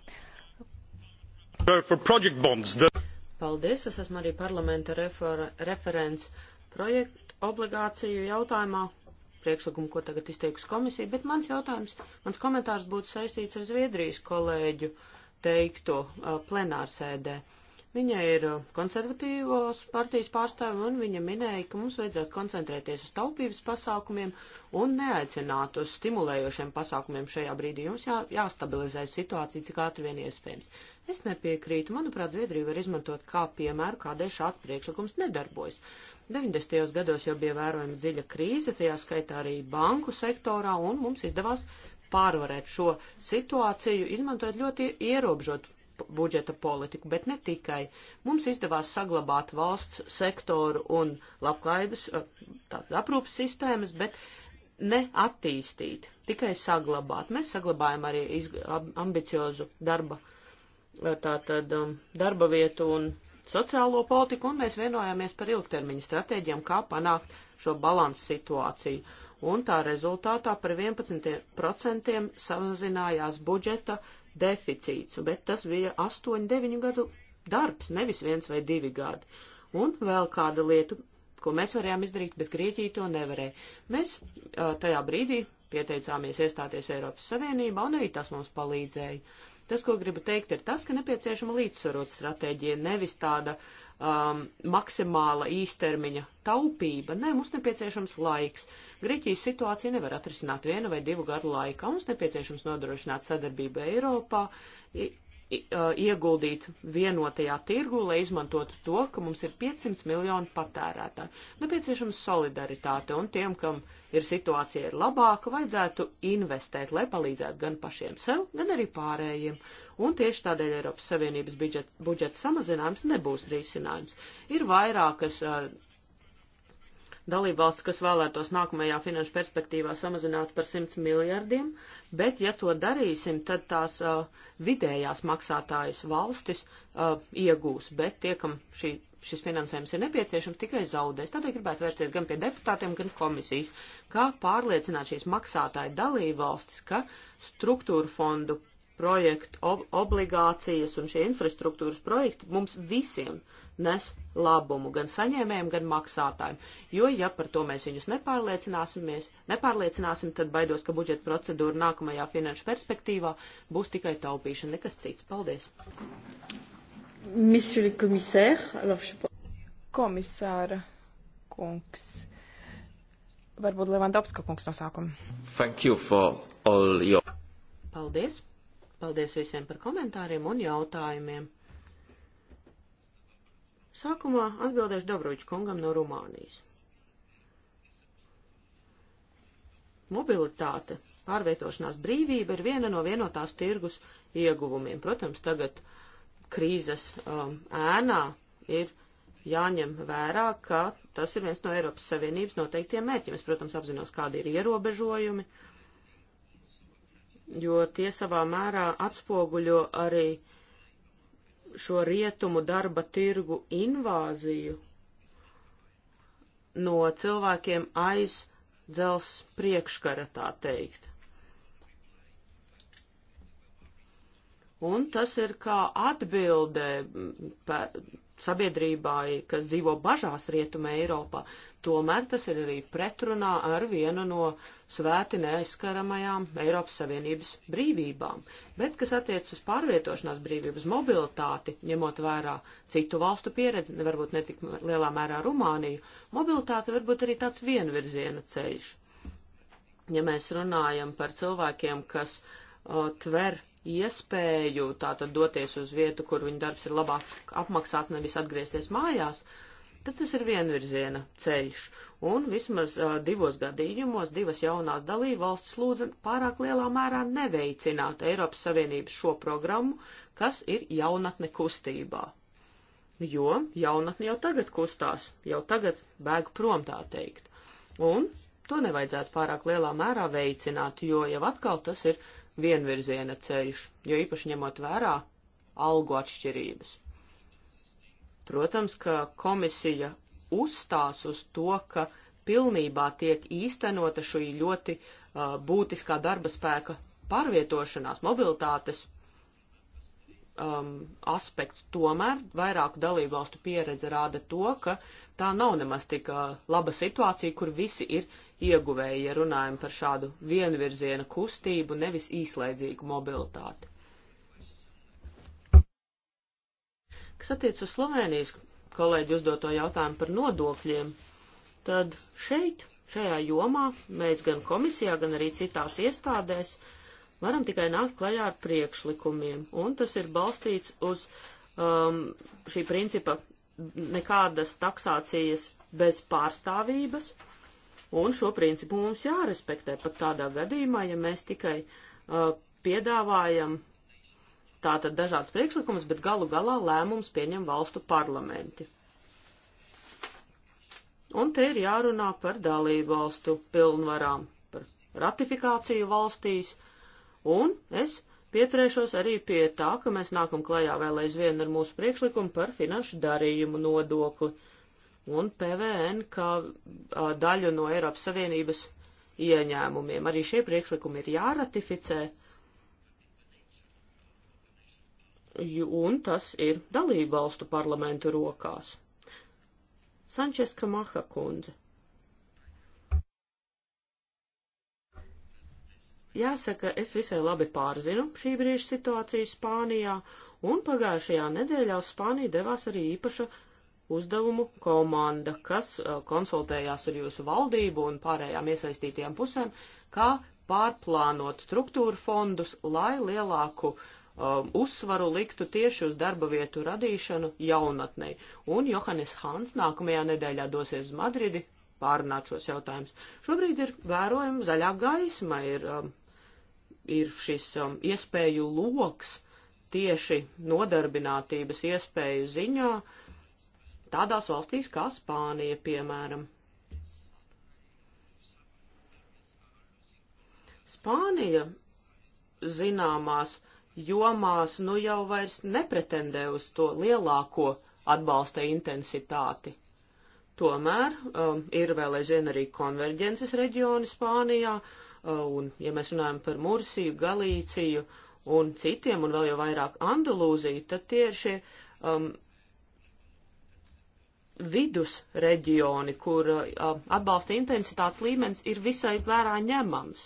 Paldies, es esmu arī parlamenta refer referents projektu obligāciju jautājumā, priekšlikumu, ko tagad izteikusi komisija, bet mans jautājums, mans komentārs būtu saistīts ar Zviedrijas kolēģu teikto uh, plenārsēdē. Uh, Viņa ir uh, konservatīvos partijas pārstāve un viņa minēja, ka mums vajadzētu koncentrēties uz taupības pasākumiem un neaicināt uz stimulējošiem pasākumiem šajā brīdī. Jums jā, jāstabilizē situācija, cik ātri vien iespējams. Es nepiekrītu. Manuprāt, Zviedriju var izmantot kā piemēru, kādēļ šāds priekšlikums nedarbojas. 90. gados jau bija vērojama dziļa krīze, tajā skaitā arī banku sektorā, un mums izdevās pārvarēt šo situāciju, izmantojot ļoti ierobežotu budžeta politiku, bet ne tikai. Mums izdevās saglabāt valsts sektoru un labklājības eh, aprūpas sistēmas, bet ne attīstīt, tikai saglabāt. Mēs saglabājam arī ambiciozu darba, eh, tātad um, darba vietu un sociālo politiku, un mēs vienojāmies par ilgtermiņa stratēģiem, kā panākt šo balansu situāciju. Un tā rezultātā par 11% samazinājās budžeta uh, deficīts, bet tas bija 8-9 gadu darbs, nevis viens vai divi gadi. Un vēl kāda lieta, ko mēs varējām izdarīt, bet Grieķija to nevarēja. Mēs tajā brīdī pieteicāmies iestāties Eiropas Savienībā, un arī tas mums palīdzēja. Tas, ko gribu teikt, ir tas, ka nepieciešama līdzsvarot stratēģija, nevis tāda uh, um, maksimāla īstermiņa taupība. Nē, mums nepieciešams laiks. Grieķijas situācija nevar atrisināt vienu vai divu gadu laikā. Mums nepieciešams nodrošināt sadarbību Eiropā, ieguldīt vienotajā tirgu, lai izmantotu to, ka mums ir 500 miljoni patērētāji. Nepieciešama solidaritāte, un tiem, kam ir situācija ir labāka, vajadzētu investēt, lai palīdzētu gan pašiem sev, gan arī pārējiem. Un tieši tādēļ Eiropas Savienības budžeta, budžeta samazinājums nebūs risinājums. Ir vairākas uh, dalībvalsts, kas vēlētos nākamajā finanšu perspektīvā samazināt par 100 miljardiem, bet ja to darīsim, tad tās uh, vidējās maksātājas valstis uh, iegūs, bet tie, kam šī, šis finansējums ir nepieciešams, tikai zaudēs. Tādēļ gribētu vērsties gan pie deputātiem, gan komisijas, kā pārliecināt šīs maksātāju dalībvalstis, ka struktūra fondu projektu ob obligācijas un šie infrastruktūras projekti mums visiem nes labumu, gan saņēmējiem, gan maksātājiem. Jo, ja par to mēs viņus nepārliecināsim, tad baidos, ka budžeta procedūra nākamajā finanšu perspektīvā būs tikai taupīšana, nekas cits. Paldies! Monsieur le commissaire, alors je... Komisāra kungs. Varbūt Levandovska kungs no sākuma. Thank you for all your... Paldies Paldies visiem par komentāriem un jautājumiem. Sākumā atbildēšu Dabroģu kungam no Rumānijas. Mobilitāte, pārvietošanās brīvība ir viena no vienotās tirgus ieguvumiem. Protams, tagad krīzes um, ēnā ir jāņem vērā, ka tas ir viens no Eiropas Savienības noteiktiem mērķiem. Es, protams, apzinos, kādi ir ierobežojumi. Uh, jo tie savā mērā atspoguļo arī šo rietumu darba tirgu invāziju no cilvēkiem aiz dzels priekškara, tā teikt. Un tas ir kā atbilde sabiedrībai, kas dzīvo bažās rietuma Eiropā. Tomēr tas ir arī pretrunā ar vienu no svēti neaizskaramajām Eiropas Savienības brīvībām. Bet, kas attiec uz pārvietošanās brīvības mobilitāti, ņemot vērā citu valstu pieredzi, varbūt netik lielā mērā Rumāniju, mobilitāte varbūt arī tāds vienvirziena ceļš. Ja mēs runājam par cilvēkiem, kas uh, tver iespēju tātad doties uz vietu, kur viņa darbs ir labāk apmaksāts, nevis atgriezties mājās, tad tas ir vienvirziena ceļš. Un vismaz uh, divos gadījumos divas jaunās dalība valsts lūdza pārāk lielā mērā neveicināt Eiropas Savienības šo programmu, kas ir jaunatne kustībā. Jo jaunatne jau tagad kustās, jau tagad bēg prom tā teikt. Un to nevajadzētu pārāk lielā mērā veicināt, jo jau atkal tas ir vienvirziena ceļš, jo īpaši ņemot vērā algu atšķirības. Protams, ka komisija uzstās uz to, ka pilnībā tiek īstenota šī ļoti uh, būtiskā darba spēka pārvietošanās, mobilitātes um, aspekts. Tomēr vairāku dalību valstu pieredze rāda to, ka tā nav nemaz tik uh, laba situācija, kur visi ir ieguvēji, ja runājam par šādu vienvirziena kustību, nevis īslaidzīgu mobilitāti. Kas attiec uz Slovenijas kolēģi uzdoto jautājumu par nodokļiem, tad šeit, šajā jomā, mēs gan komisijā, gan arī citās iestādēs varam tikai nākt klajā ar priekšlikumiem, un tas ir balstīts uz um, šī principa nekādas taksācijas bez pārstāvības, Un šo principu mums jārespektē pat tādā gadījumā, ja mēs tikai uh, piedāvājam tātad dažādas priekšlikumas, bet galu galā lēmums pieņem valstu parlamenti. Un te ir jārunā par dalību valstu pilnvarām, par ratifikāciju valstīs, un es pieturēšos arī pie tā, ka mēs nākam klajā vēl aizvien ar mūsu priekšlikumu par finanšu darījumu nodokli un PVN kā daļu no Eiropas Savienības ieņēmumiem. Arī šie priekšlikumi ir jāratificē, un tas ir dalību valstu parlamentu rokās. Sančeska Maha kundze. Jāsaka, es visai labi pārzinu šī brīža situāciju Spānijā, un pagājušajā nedēļā uz Spāniju devās arī īpaša uzdevumu komanda, kas uh, konsultējās ar jūsu valdību un pārējām iesaistītajām pusēm, kā pārplānot struktūru fondus, lai lielāku um, uzsvaru liktu tieši uz darba vietu radīšanu jaunatnei. Un Johannes Hans nākamajā nedēļā dosies uz Madridi pārunāt šos jautājumus. Šobrīd ir vērojama zaļā gaisma, ir, um, ir šis um, iespēju loks tieši nodarbinātības iespēju ziņā. Uh, tādās valstīs kā Spānija, piemēram. Spānija zināmās jomās nu jau vairs nepretendē uz to lielāko atbalsta intensitāti. Tomēr um, ir vēl aizvien arī konverģences reģioni Spānijā, uh, un, ja mēs runājam par Mursiju, Galīciju un citiem, un vēl jau vairāk Andalūziju, tad tie ir šie um, vidus reģioni, kur atbalsta intensitātes līmenis ir visai vērā ņemams.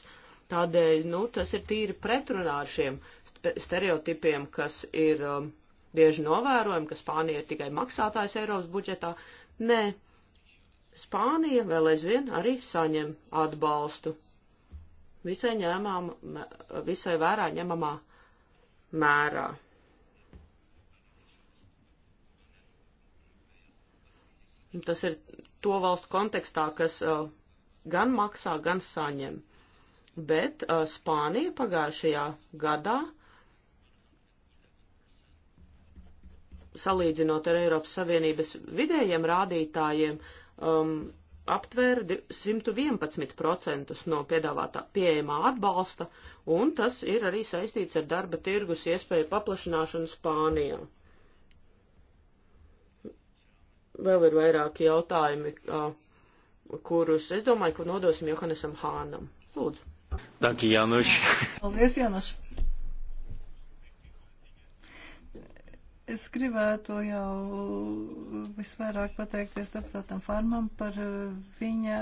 Tādēļ, nu, tas ir tīri pretrunā ar šiem stereotipiem, kas ir um, bieži novērojami, ka Spānija ir tikai maksātājs Eiropas budžetā. Nē, Spānija vēl aizvien arī saņem atbalstu. Visai, ņēmām, visai vērā ņemamā mērā. Tas ir to valstu kontekstā, kas uh, gan maksā, gan saņem. Bet uh, Spānija pagājušajā gadā, salīdzinot ar Eiropas Savienības vidējiem rādītājiem, um, aptvēra 111% no piedāvātā pieejamā atbalsta, un tas ir arī saistīts ar darba tirgus iespēju paplašināšanu Spānijā vēl ir vairāki jautājumi, kurus es domāju, ka nodosim Johannesam Hānam. Lūdzu. Danki, Jānuš. Paldies, Jānuš. Es gribētu jau visvairāk pateikties deputātam Farmam par viņa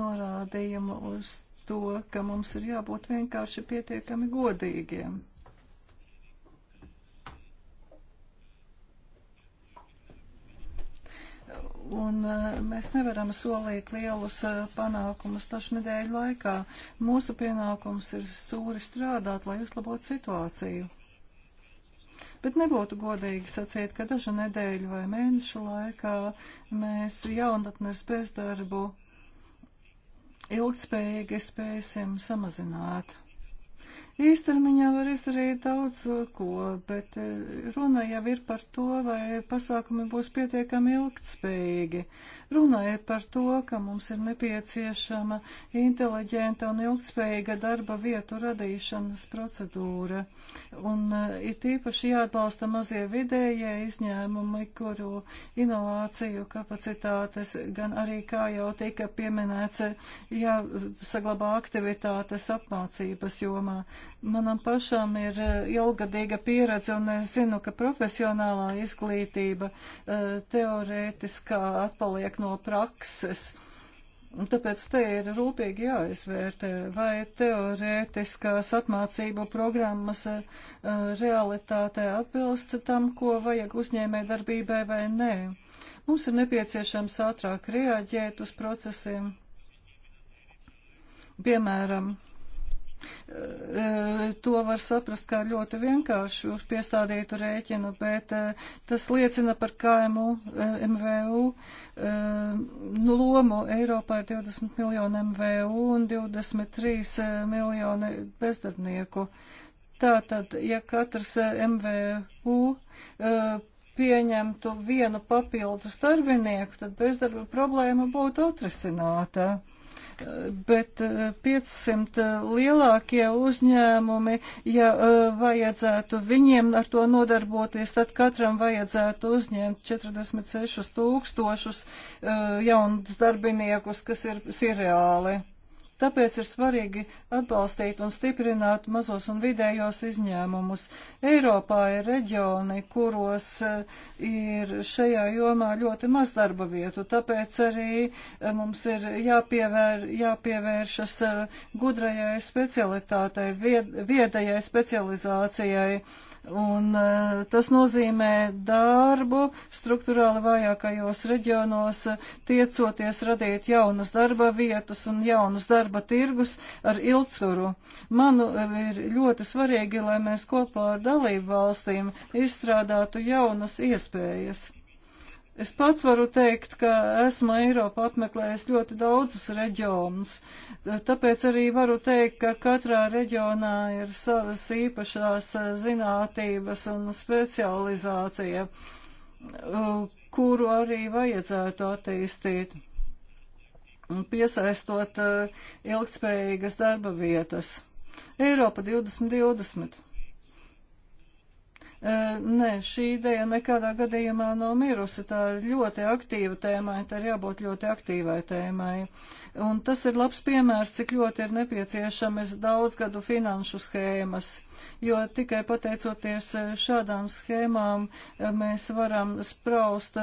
norādījumu uz to, ka mums ir jābūt vienkārši pietiekami godīgiem. un uh, mēs nevaram solīt lielus uh, panākumus taču nedēļu laikā. Mūsu pienākums ir sūri strādāt, lai uzlabotu situāciju. Bet nebūtu godīgi sacīt, ka dažu nedēļu vai mēnešu laikā mēs jaunatnes bezdarbu ilgtspējīgi spēsim samazināt. Īstermiņā var izdarīt daudz eh, ko, bet eh, runa jau ir par to, vai pasākumi būs pietiekami ilgtspējīgi. Runa ir par to, ka mums ir nepieciešama inteliģenta un ilgtspējīga darba vietu radīšanas procedūra. Un eh, it īpaši jāatbalsta mazie vidējie izņēmumi, kuru inovāciju kapacitātes, gan arī, kā jau tika pieminēts, jāsaglabā aktivitātes apmācības jomā. Manam pašam ir eh, ilgadīga pieredze, un es zinu, ka profesionālā izglītība eh, teorētiskā atpaliek no prakses. Tāpēc te ir rūpīgi jāizvērtē, vai teorētiskās apmācību programmas eh, realitātē atbilst tam, ko vajag uzņēmē darbībai vai nē. Mums ir nepieciešams ātrāk reaģēt uz procesiem. Piemēram, To var saprast kā ļoti vienkāršu piestādītu rēķinu, bet tas liecina par KMU, MVU nu, lomu. Eiropā ir 20 miljoni MVU un 23 miljoni bezdarbnieku. Tātad, ja katrs MVU pieņemtu vienu papildus darbinieku, tad bezdarba problēma būtu atrisināta bet 500 eh, eh, lielākie uzņēmumi, ja eh, vajadzētu viņiem ar to nodarboties, tad katram vajadzētu uzņemt 46 tūkstošus jaunus darbiniekus, kas ir, ir reāli. Tāpēc ir svarīgi atbalstīt un stiprināt mazos un vidējos izņēmumus. Eiropā ir reģioni, kuros eh, ir šajā jomā ļoti maz darba vietu, tāpēc arī eh, mums ir jāpievēr, jāpievēršas eh, gudrajai specialitātei, vied, viedajai specializācijai Un e, tas nozīmē darbu struktūrāli vājākajos reģionos, tiecoties radīt jaunas darba vietas un jaunus darba tirgus ar ilgsvaru. Manu e, ir ļoti svarīgi, lai mēs kopā ar dalību valstīm izstrādātu jaunas iespējas. Es pats varu teikt, ka esmu Eiropā apmeklējis ļoti daudzus reģionus, tāpēc arī varu teikt, ka katrā reģionā ir savas īpašās eh, zinātības un specializācija, eh, kuru arī vajadzētu attīstīt, piesaistot eh, ilgtspējīgas darba vietas. Eiropa 2020. E, nē, šī ideja nekādā gadījumā nav mirusi. Tā ir ļoti aktīva tēmai, tā ir jābūt ļoti aktīvai tēmai. Un tas ir labs piemērs, cik ļoti ir nepieciešamas daudzgadu finanšu schēmas, jo tikai pateicoties e, šādām schēmām e, mēs varam spraust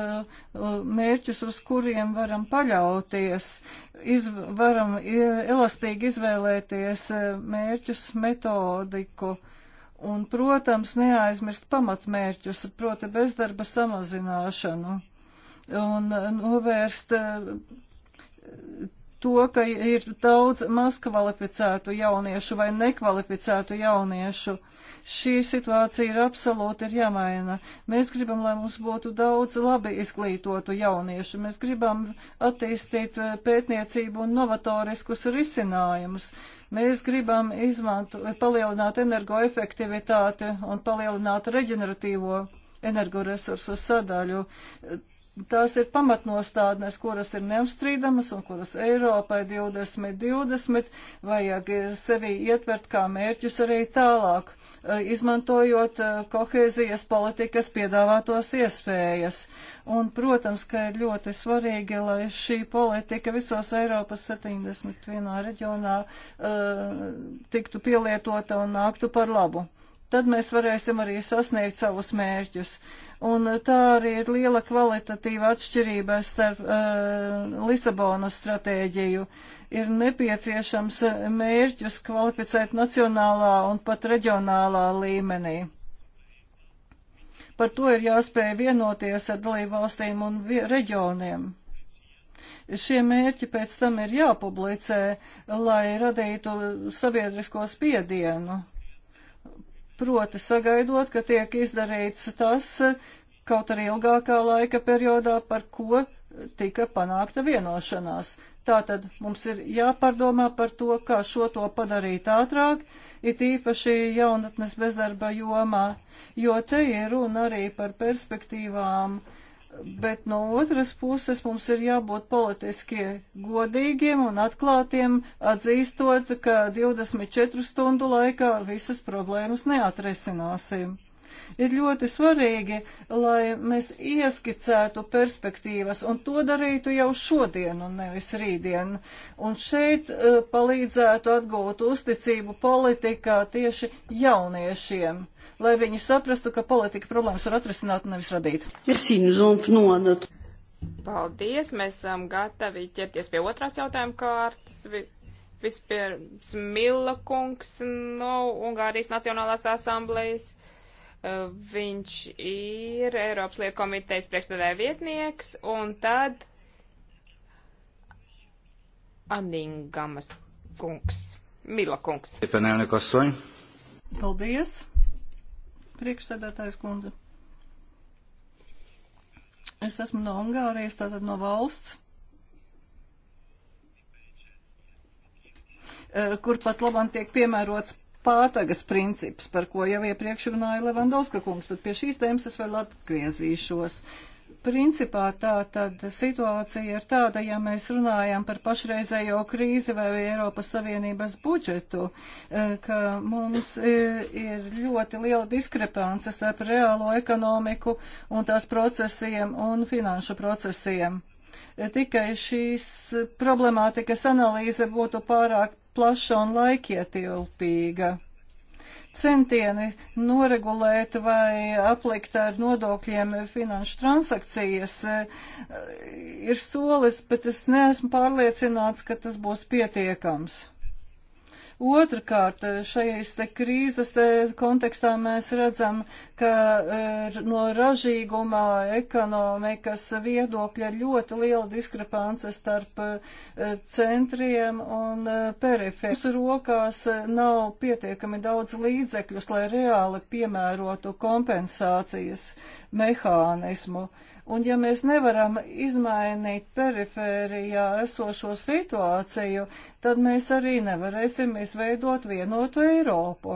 mērķus, uz kuriem varam paļauties, iz, varam elastīgi izvēlēties mērķus, metodiku un, protams, neaizmirst pamatmērķus, proti bezdarba samazināšanu un novērst to, ka ir daudz mazkvalificētu jauniešu vai nekvalificētu jauniešu. Šī situācija ir absolūti ir jāmaina. Mēs gribam, lai mums būtu daudz labi izglītotu jauniešu. Mēs gribam attīstīt eh, pētniecību un novatoriskus risinājumus. Mēs gribam izmantu, palielināt energoefektivitāti un palielināt reģeneratīvo energoresursu sadaļu. Tās ir pamatnostādnes, kuras ir neapstrīdamas un kuras Eiropai 2020 vajag sevi ietvert kā mērķus arī tālāk, e, izmantojot e, kohēzijas politikas piedāvātos iespējas. Un, protams, ka ir ļoti svarīgi, lai šī politika visos Eiropas 71 reģionā uh, tiktu pielietota un nāktu par labu tad mēs varēsim arī sasniegt savus mērķus. Un tā arī ir liela kvalitatīva atšķirība starp uh, Lisabonas stratēģiju. Ir nepieciešams mērķus kvalificēt nacionālā un pat reģionālā līmenī. Par to ir jāspēj vienoties ar dalībvalstīm un reģioniem šie mērķi pēc tam ir jāpublicē, lai radītu sabiedrisko spiedienu proti sagaidot, ka tiek izdarīts tas kaut arī ilgākā laika periodā, par ko tika panākta vienošanās. Tātad mums ir jāpārdomā par to, kā šo to padarīt ātrāk, it īpaši jaunatnes bezdarba jomā, jo te ir runa arī par perspektīvām uh, bet no otras puses mums ir jābūt politiski godīgiem un atklātiem, atzīstot, ka 24 stundu laikā visas problēmas neatresināsim. Ir ļoti svarīgi, lai mēs ieskicētu perspektīvas un to darītu jau šodien un nevis rītdien. Un šeit uh, palīdzētu atgūt uzticību politikā tieši jauniešiem, lai viņi saprastu, ka politika problēmas var atrisināt un nevis radīt. Merci, Paldies, mēs esam gatavi ķerties pie otrās jautājuma kārtas. Vispirms Mila kungs no Ungārijas Nacionālās asamblējas. Viņš ir Eiropas lietu komitejas priekšstādāja vietnieks, un tad Aningamas kungs, Mila kungs. Paldies, priekšsēdētājs kundze. Es esmu no Ungārijas, tātad no valsts, eh, kur pat labam tiek piemērots pārtagas princips, par ko jau iepriekš runāja Levandovska kungs, bet pie šīs tēmas es vēl atgriezīšos. Principā tā tad situācija ir tāda, ja mēs runājam par pašreizējo krīzi vai Eiropas Savienības budžetu, eh, ka mums eh, ir ļoti liela diskrepance starp reālo ekonomiku un tās procesiem un finanšu procesiem eh, tikai šīs problemātikas analīze būtu pārāk plaša un laikietilpīga. Centieni noregulēt vai aplikt ar nodokļiem finanšu transakcijas eh, ir solis, bet es neesmu pārliecināts, ka tas būs pietiekams. Otrakārt, eh, šajās te krīzes te kontekstā mēs redzam, ka eh, no ražīguma ekonomikas viedokļa ļoti liela diskrepance starp eh, centriem un perifēriem. Mūsu rokās nav pietiekami daudz līdzekļus, lai reāli piemērotu kompensācijas mehānismu. Uh, Un ja mēs nevaram izmainīt perifērijā esošo situāciju, tad mēs arī nevarēsim izveidot vienotu Eiropu.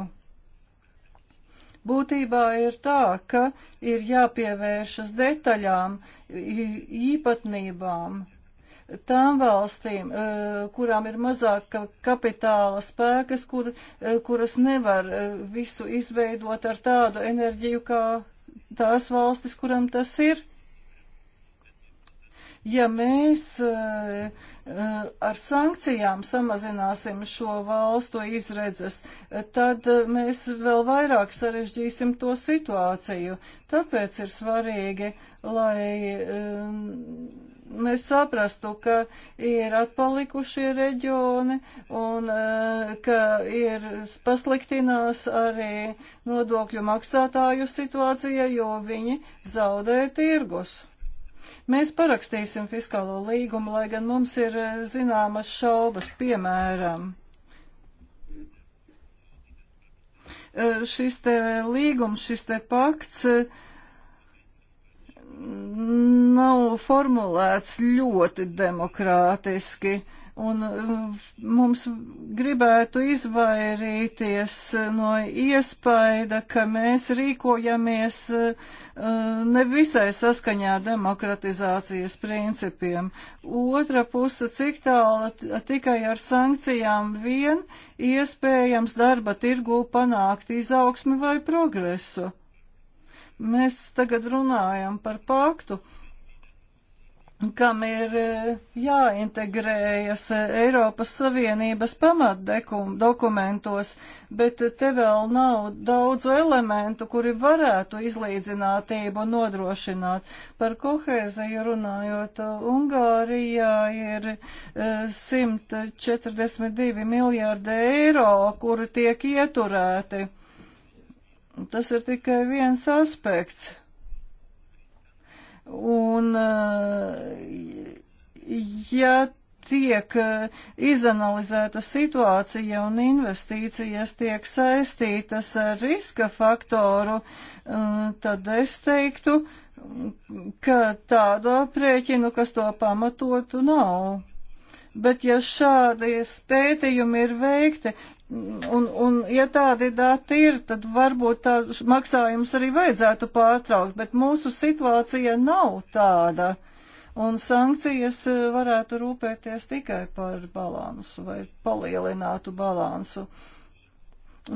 Būtībā ir tā, ka ir jāpievēršas detaļām, īpatnībām, tām valstīm, e, kurām ir mazāk kapitāla spēkas, kur, e, kuras nevar e, visu izveidot ar tādu enerģiju, kā tās valstis, kuram tas ir. Ja mēs e, e, ar sankcijām samazināsim šo valstu izredzes, e, tad mēs vēl vairāk sarežģīsim to situāciju. Tāpēc ir svarīgi, lai mēs saprastu, ka ir atpalikušie reģioni un ka ir pasliktinās arī nodokļu maksātāju situācija, jo viņi zaudē tirgus. Mēs parakstīsim fiskālo līgumu, lai gan mums ir eh, zināmas šaubas, piemēram. Eh, šis te līgums, šis te pakts eh, nav formulēts ļoti demokrātiski. Uh, Un um, mums gribētu izvairīties no iespaida, ka mēs rīkojamies uh, nevisai saskaņā ar demokratizācijas principiem. Otra puse, cik tāla tikai ar sankcijām vien iespējams darba tirgū panākt izaugsmi vai progresu. Mēs tagad runājam par paktu kam ir eh, jāintegrējas eh, Eiropas Savienības pamatdokumentos, bet te vēl nav daudzu elementu, kuri varētu izlīdzinātību nodrošināt. Par kohēziju runājot, Ungārijā ir 142 eh, miljārdi eiro, kuri tiek ieturēti. Tas ir tikai viens aspekts. Un, eh, ja tiek eh, izanalizēta situācija un investīcijas tiek saistītas ar riska faktoru, eh, tad es teiktu, ka tādu aprēķinu, kas to pamatotu, nav. Bet ja šādi pētījumi ir veikti, Un, un, ja tādi dati ir, tad varbūt tādus maksājumus arī vajadzētu pārtraukt, bet mūsu situācija nav tāda. Un sankcijas eh, varētu rūpēties tikai par balansu vai palielinātu balansu.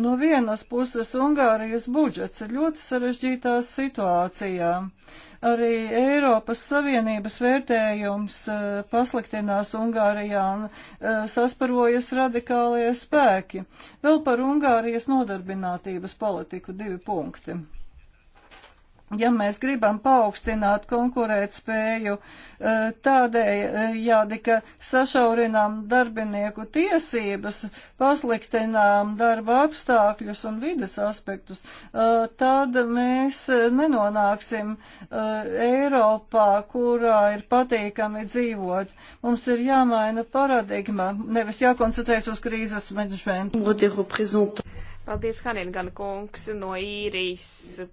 No vienas puses Ungārijas budžets ir ļoti sarežģītā situācijā. Uh, Arī Eiropas Savienības vērtējums eh, pasliktinās Ungārijā un eh, sasparojas radikālie spēki. Vēl par Ungārijas nodarbinātības politiku divi punkti. Ja mēs gribam paaugstināt konkurētspēju, eh, tādējādi, eh, ka sašaurinām darbinieku tiesības, pasliktinām darba apstākļus un vides aspektus, eh, tad mēs nenonāksim Eiropā, kurā ir patīkami dzīvot. Mums ir jāmaina paradigma, nevis jākoncentrēs uz krīzes menedžmentu. Paldies, Haningan kungs no īrijas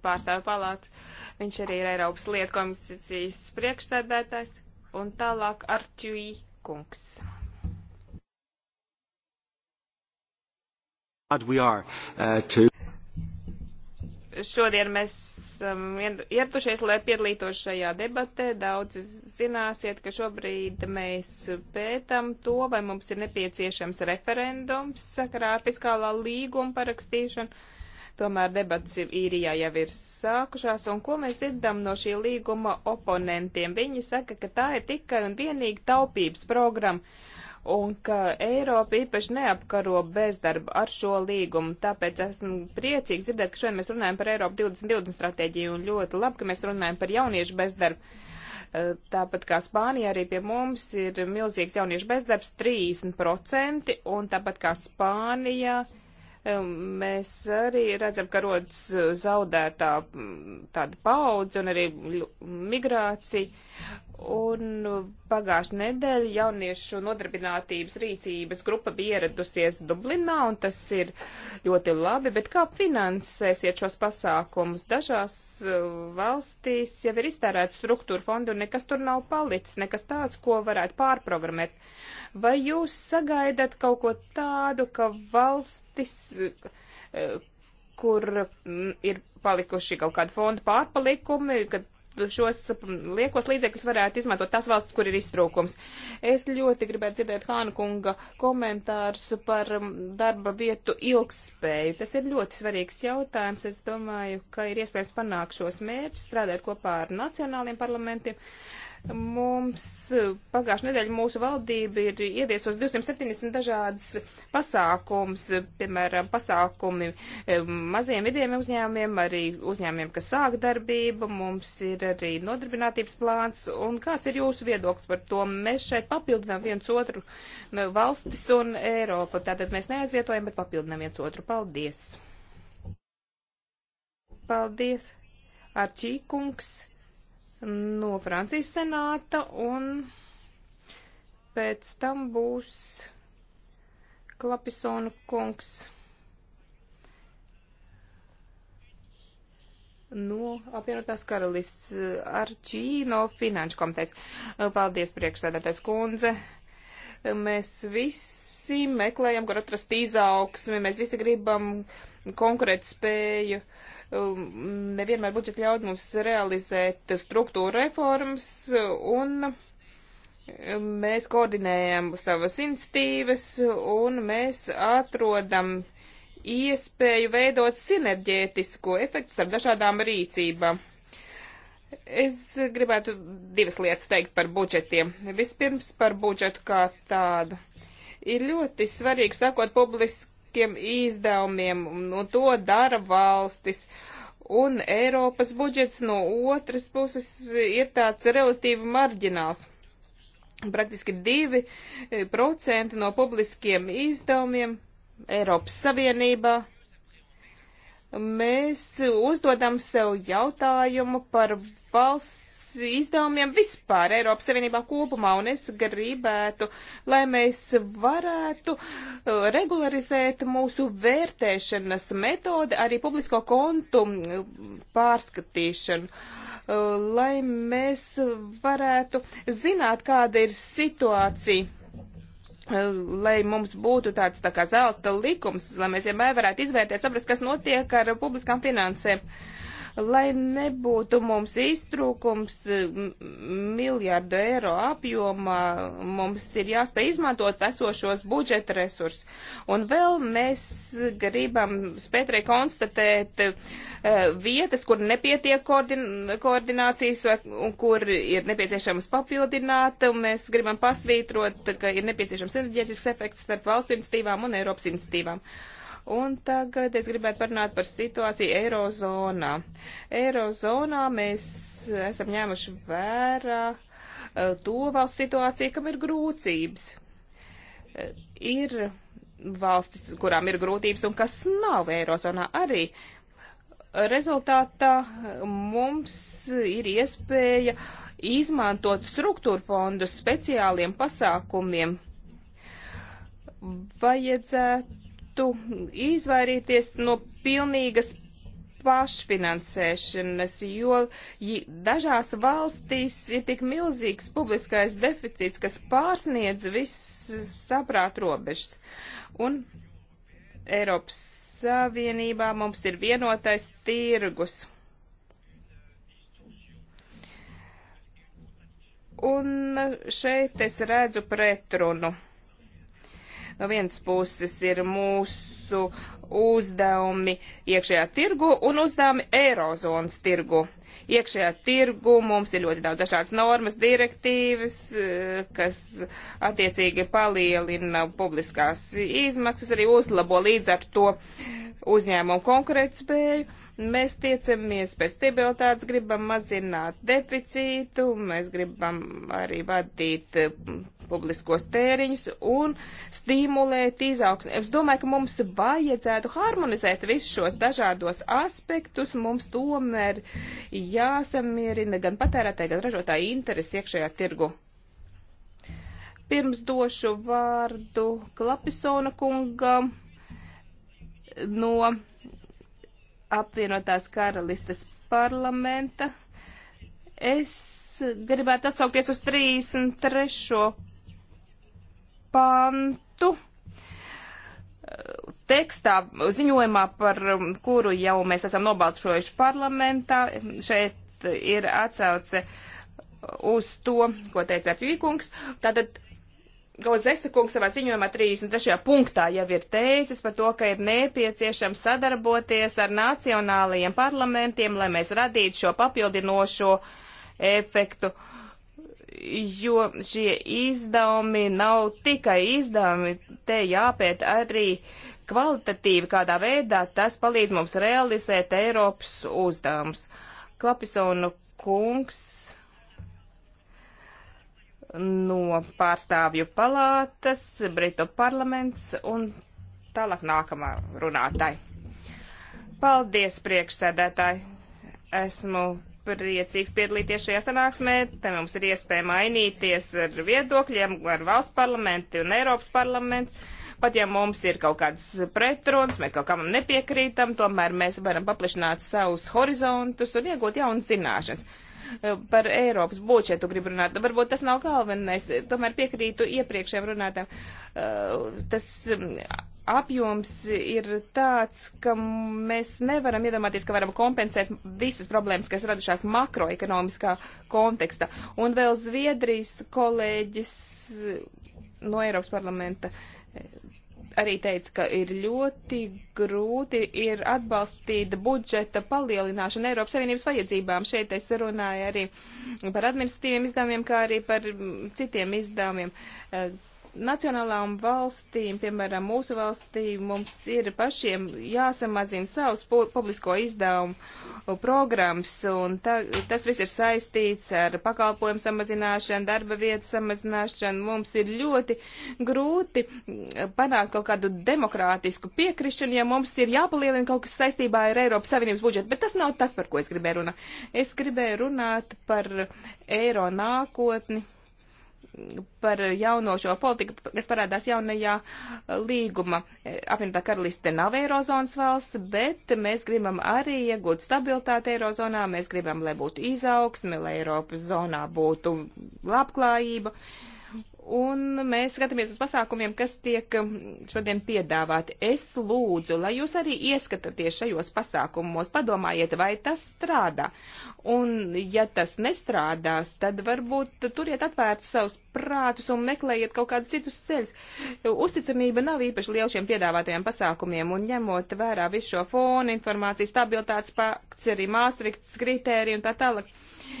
pārstāvju palātas. Viņš arī ir Eiropas lietu komisijas priekšsēdētājs. Un tālāk Artjui kungs. Uh, to šodien mēs esam um, ieradušies, lai piedalītos šajā debatē. Daudz zināsiet, ka šobrīd mēs pētam to, vai mums ir nepieciešams referendums sakarā ar fiskālā līguma parakstīšanu. Tomēr debats īrijā jau ir sākušās, un ko mēs dzirdam no šī līguma oponentiem? Viņi saka, ka tā ir tikai un vienīgi taupības programma un ka Eiropa īpaši neapkaro bezdarbu ar šo līgumu. Tāpēc esmu priecīgs dzirdēt, ka šodien mēs runājam par Eiropu 2020 stratēģiju un ļoti labi, ka mēs runājam par jauniešu bezdarbu. Eh, tāpat kā Spānija, arī pie mums ir milzīgs jauniešu bezdarbs 30%, un tāpat kā Spānija, eh, mēs arī redzam, ka rodas zaudētā tāda paudze un arī migrācija. Un pagājušā nedēļa jauniešu nodarbinātības rīcības grupa bija ieradusies Dublinā, un tas ir ļoti labi, bet kā finansēsiet šos pasākumus? Dažās uh, valstīs jau ir iztērēta struktūra fonda, un nekas tur nav palicis, nekas tāds, ko varētu pārprogrammēt. Vai jūs sagaidat kaut ko tādu, ka valstis, uh, kur mm, ir palikuši kaut kādi fonda pārpalikumi, kad šos mm, liekos līdzekļus varētu izmantot tās valsts, kur ir iztrūkums. Es ļoti gribētu dzirdēt Hāna kunga komentārus par mm, darba vietu ilgspēju. Tas ir ļoti svarīgs jautājums. Es domāju, ka ir iespējams panākt šos mērķus, strādāt kopā ar nacionāliem parlamentiem. Uh, Mums eh, pagājušajā nedēļā mūsu valdība ir ieviesos 270 dažādas pasākums, piemēram, pasākumi eh, maziem vidiem uzņēmumiem, arī uzņēmumiem, kas sāk darbību, mums ir arī nodarbinātības plāns, un kāds ir jūsu viedoklis par to? Mēs šeit papildinām viens otru eh, valstis un Eiropu, tātad mēs neaizvietojam, bet papildinām viens otru. Paldies! Paldies! Arčīkungs! no Francijas senāta, un pēc tam būs Klapisona kungs no apvienotās karalists eh, Arčī no Finanšu komitejas. Eh, paldies, priekšsēdētājs kundze. Eh, mēs visi meklējam, kur atrast izaugsmi, mēs visi gribam konkurēt spēju. Uh, Um, nevienmēr budžets ļaut mums realizēt struktūra reformas, un um, mēs koordinējam savas institīvas, un mēs atrodam iespēju veidot sinerģētisko efektu starp dažādām rīcībām. Es gribētu divas lietas teikt par budžetiem. Vispirms par budžetu kā tādu. Ir ļoti svarīgi sakot publiski tiem izdevumiem, un to dara valstis. Un Eiropas budžets no otras puses ir tāds relatīvi marģināls. Praktiski 2% eh, no publiskiem izdevumiem Eiropas Savienībā. Mēs uzdodam sev jautājumu par valsts izdevumiem vispār Eiropas Savienībā kopumā, un es gribētu, lai mēs varētu uh, regularizēt mūsu vērtēšanas metodi, arī publisko kontu uh, pārskatīšanu uh, lai mēs varētu zināt, kāda ir situācija lai mums būtu tāds tā kā zelta likums, lai mēs vienmēr varētu izvērtēt, saprast, kas notiek ar publiskām finansēm. Uh, lai nebūtu mums iztrūkums miljārdu eiro apjomā, mums ir jāspēj izmantot esošos budžeta resursus. Un vēl mēs gribam spēt rekonstatēt eh, vietas, kur nepietiek koordin koordinācijas un kur ir nepieciešams papildināt. Mēs gribam pasvītrot, ka ir nepieciešams enerģētisks efekts starp valstu institīvām un Eiropas institīvām. Uh, Un tagad es gribētu parunāt par situāciju Eirozonā. Eirozonā mēs esam ņēmuši vērā e, to valsts situāciju, kam ir grūtības. E, ir valstis, kurām ir grūtības un kas nav Eirozonā arī rezultātā mums ir iespēja izmantot struktūra fondus speciāliem pasākumiem. Vajadzētu varētu izvairīties no pilnīgas pašfinansēšanas, jo dažās valstīs ir tik milzīgs publiskais deficīts, kas pārsniedz visus saprāt robežas. Un Eiropas Savienībā mums ir vienotais tirgus. Un šeit es redzu pretrunu. No vienas puses ir mūsu uzdevumi iekšējā tirgu un uzdevumi Eirozonas tirgu. Iekšējā tirgu mums ir ļoti daudz dažādas normas, direktīvas, eh, kas attiecīgi palielina publiskās izmaksas, arī uzlabo līdz ar to uzņēmumu konkurētspēju Mēs tiecamies pēc stabilitātes, gribam mazināt deficītu, mēs gribam arī vadīt eh, publiskos tēriņus un stimulēt izaugsmu. Es domāju, ka mums vajadzētu harmonizēt visus šos dažādos aspektus. Mums tomēr jāsamierina gan patērētāji, gan ražotāji interesi iekšējā tirgu. Pirms došu vārdu Klapisona kungam no apvienotās karalistes parlamenta. Es gribētu atsaukties uz 33. pantu uh, tekstā, ziņojumā, par um, kuru jau mēs esam nobalsojuši parlamentā. Šeit ir atsauce uz to, ko teica Fjīkungs. Tātad Gauzesa kungs savā ziņojumā 33. punktā jau ir teicis par to, ka ir nepieciešams sadarboties ar nacionālajiem parlamentiem, lai mēs radītu šo papildinošo efektu, jo šie izdevumi nav tikai izdevumi, te jāpēt arī kvalitatīvi, kādā veidā tas palīdz mums realizēt Eiropas uzdevumus. Klapisonu kungs no pārstāvju palātas, Britu parlaments un tālāk nākamā runātāja. Paldies, priekšsēdētāji! Esmu priecīgs piedalīties šajā sanāksmē. Te mums ir iespēja mainīties ar viedokļiem ar valsts parlamentu un Eiropas parlamentu. Pat ja mums ir kaut kāds pretruns, mēs kaut kam nepiekrītam, tomēr mēs varam paplašināt savus horizontus un iegūt jaunas zināšanas. Eh, par Eiropas budžetu grib runāt. Varbūt tas nav galvenais, tomēr piekrītu iepriekšējiem runātājiem. Eh, tas mm, apjoms ir tāds, ka mēs nevaram iedomāties, ka varam kompensēt visas problēmas, kas radušās makroekonomiskā konteksta. Un vēl Zviedrijas kolēģis eh, no Eiropas parlamenta arī teica, ka ir ļoti grūti ir atbalstīt budžeta palielināšanu Eiropas Savienības vajadzībām. Šeit es runāju arī par administratīviem izdevumiem, kā arī par mm, citiem izdevumiem. Eh, nacionālām valstīm, piemēram, mūsu valstī, mums ir pašiem jāsamazina savus pu publisko izdevumu programmas, un ta, tas viss ir saistīts ar pakalpojumu samazināšanu, darba vietu samazināšanu. Mums ir ļoti grūti panākt kaut kādu demokrātisku piekrišanu, ja mums ir jāpalielina kaut kas saistībā ar Eiropas Savienības budžetu, bet tas nav tas, par ko es gribēju runāt. Es gribēju runāt par eiro nākotni par jauno šo politiku, kas parādās jaunajā uh, līguma. E, apvienotā karaliste nav eirozonas valsts, bet mēs gribam arī iegūt stabilitāti eirozonā, mēs gribam, lai būtu izaugsme, lai Eiropas zonā būtu labklājība. Uh, Un mēs skatāmies uz pasākumiem, kas tiek um, šodien piedāvāti. Es lūdzu, lai jūs arī ieskatāties šajos pasākumos, padomājiet, vai tas strādā. Un ja tas nestrādās, tad varbūt turiet atvērts savus prātus un meklējiet kaut kādus citus ceļus. Uzticamība nav īpaši liela šiem piedāvātajiem pasākumiem, un ņemot vērā visu šo fonu, informācijas stabilitātes pakts, arī māstrikts kritēriju un tā tālāk,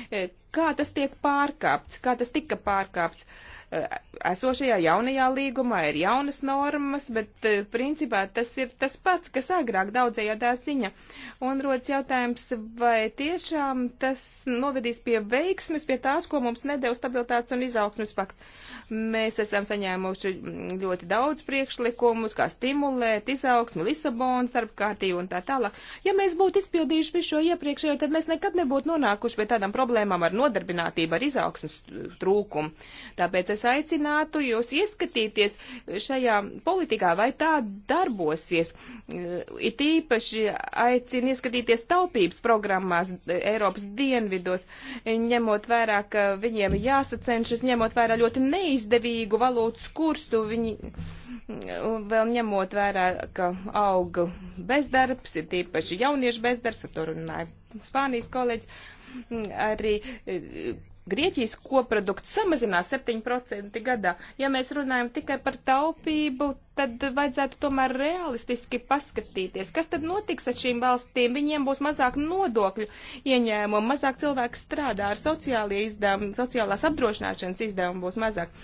e, kā tas tiek pārkāpts, kā tas tika pārkāpts. Uh, Eh, esošajā jaunajā līgumā ir jaunas normas, bet eh, principā tas ir tas pats, kas agrāk daudzējādā ziņa. Un rodas jautājums, vai tiešām tas novedīs pie veiksmes, pie tās, ko mums nedēļ stabilitātes un izaugsmes pakts. Mēs esam saņēmuši ļoti daudz priekšlikumus, kā stimulēt izaugsmu, Lisabonu, starpkārtību un tā tālāk. Ja mēs būtu izpildījuši visu šo iepriekšējo, tad mēs nekad nebūtu nonākuši pie tādām problēmām ar nodarbinātību, ar izaugsmas trūkumu. Tāpēc es es aicinātu jūs ieskatīties šajā politikā, vai tā darbosies. It īpaši aicinu ieskatīties taupības programmās Eiropas dienvidos, ņemot vērā, ka viņiem jāsacenšas, ņemot vērā ļoti neizdevīgu valūtas kursu, viņi vēl ņemot vērā, ka auga bezdarbs, ir tīpaši jauniešu bezdarbs, par to runāja Spānijas kolēģis, arī Grieķijas koprodukts samazinās 7% gadā. Ja mēs runājam tikai par taupību, tad vajadzētu tomēr realistiski paskatīties, kas tad notiks ar šīm valstīm. Viņiem būs mazāk nodokļu ieņēmumu, mazāk cilvēku strādā ar sociālie izdevumi, sociālās apdrošināšanas izdevumi būs mazāk.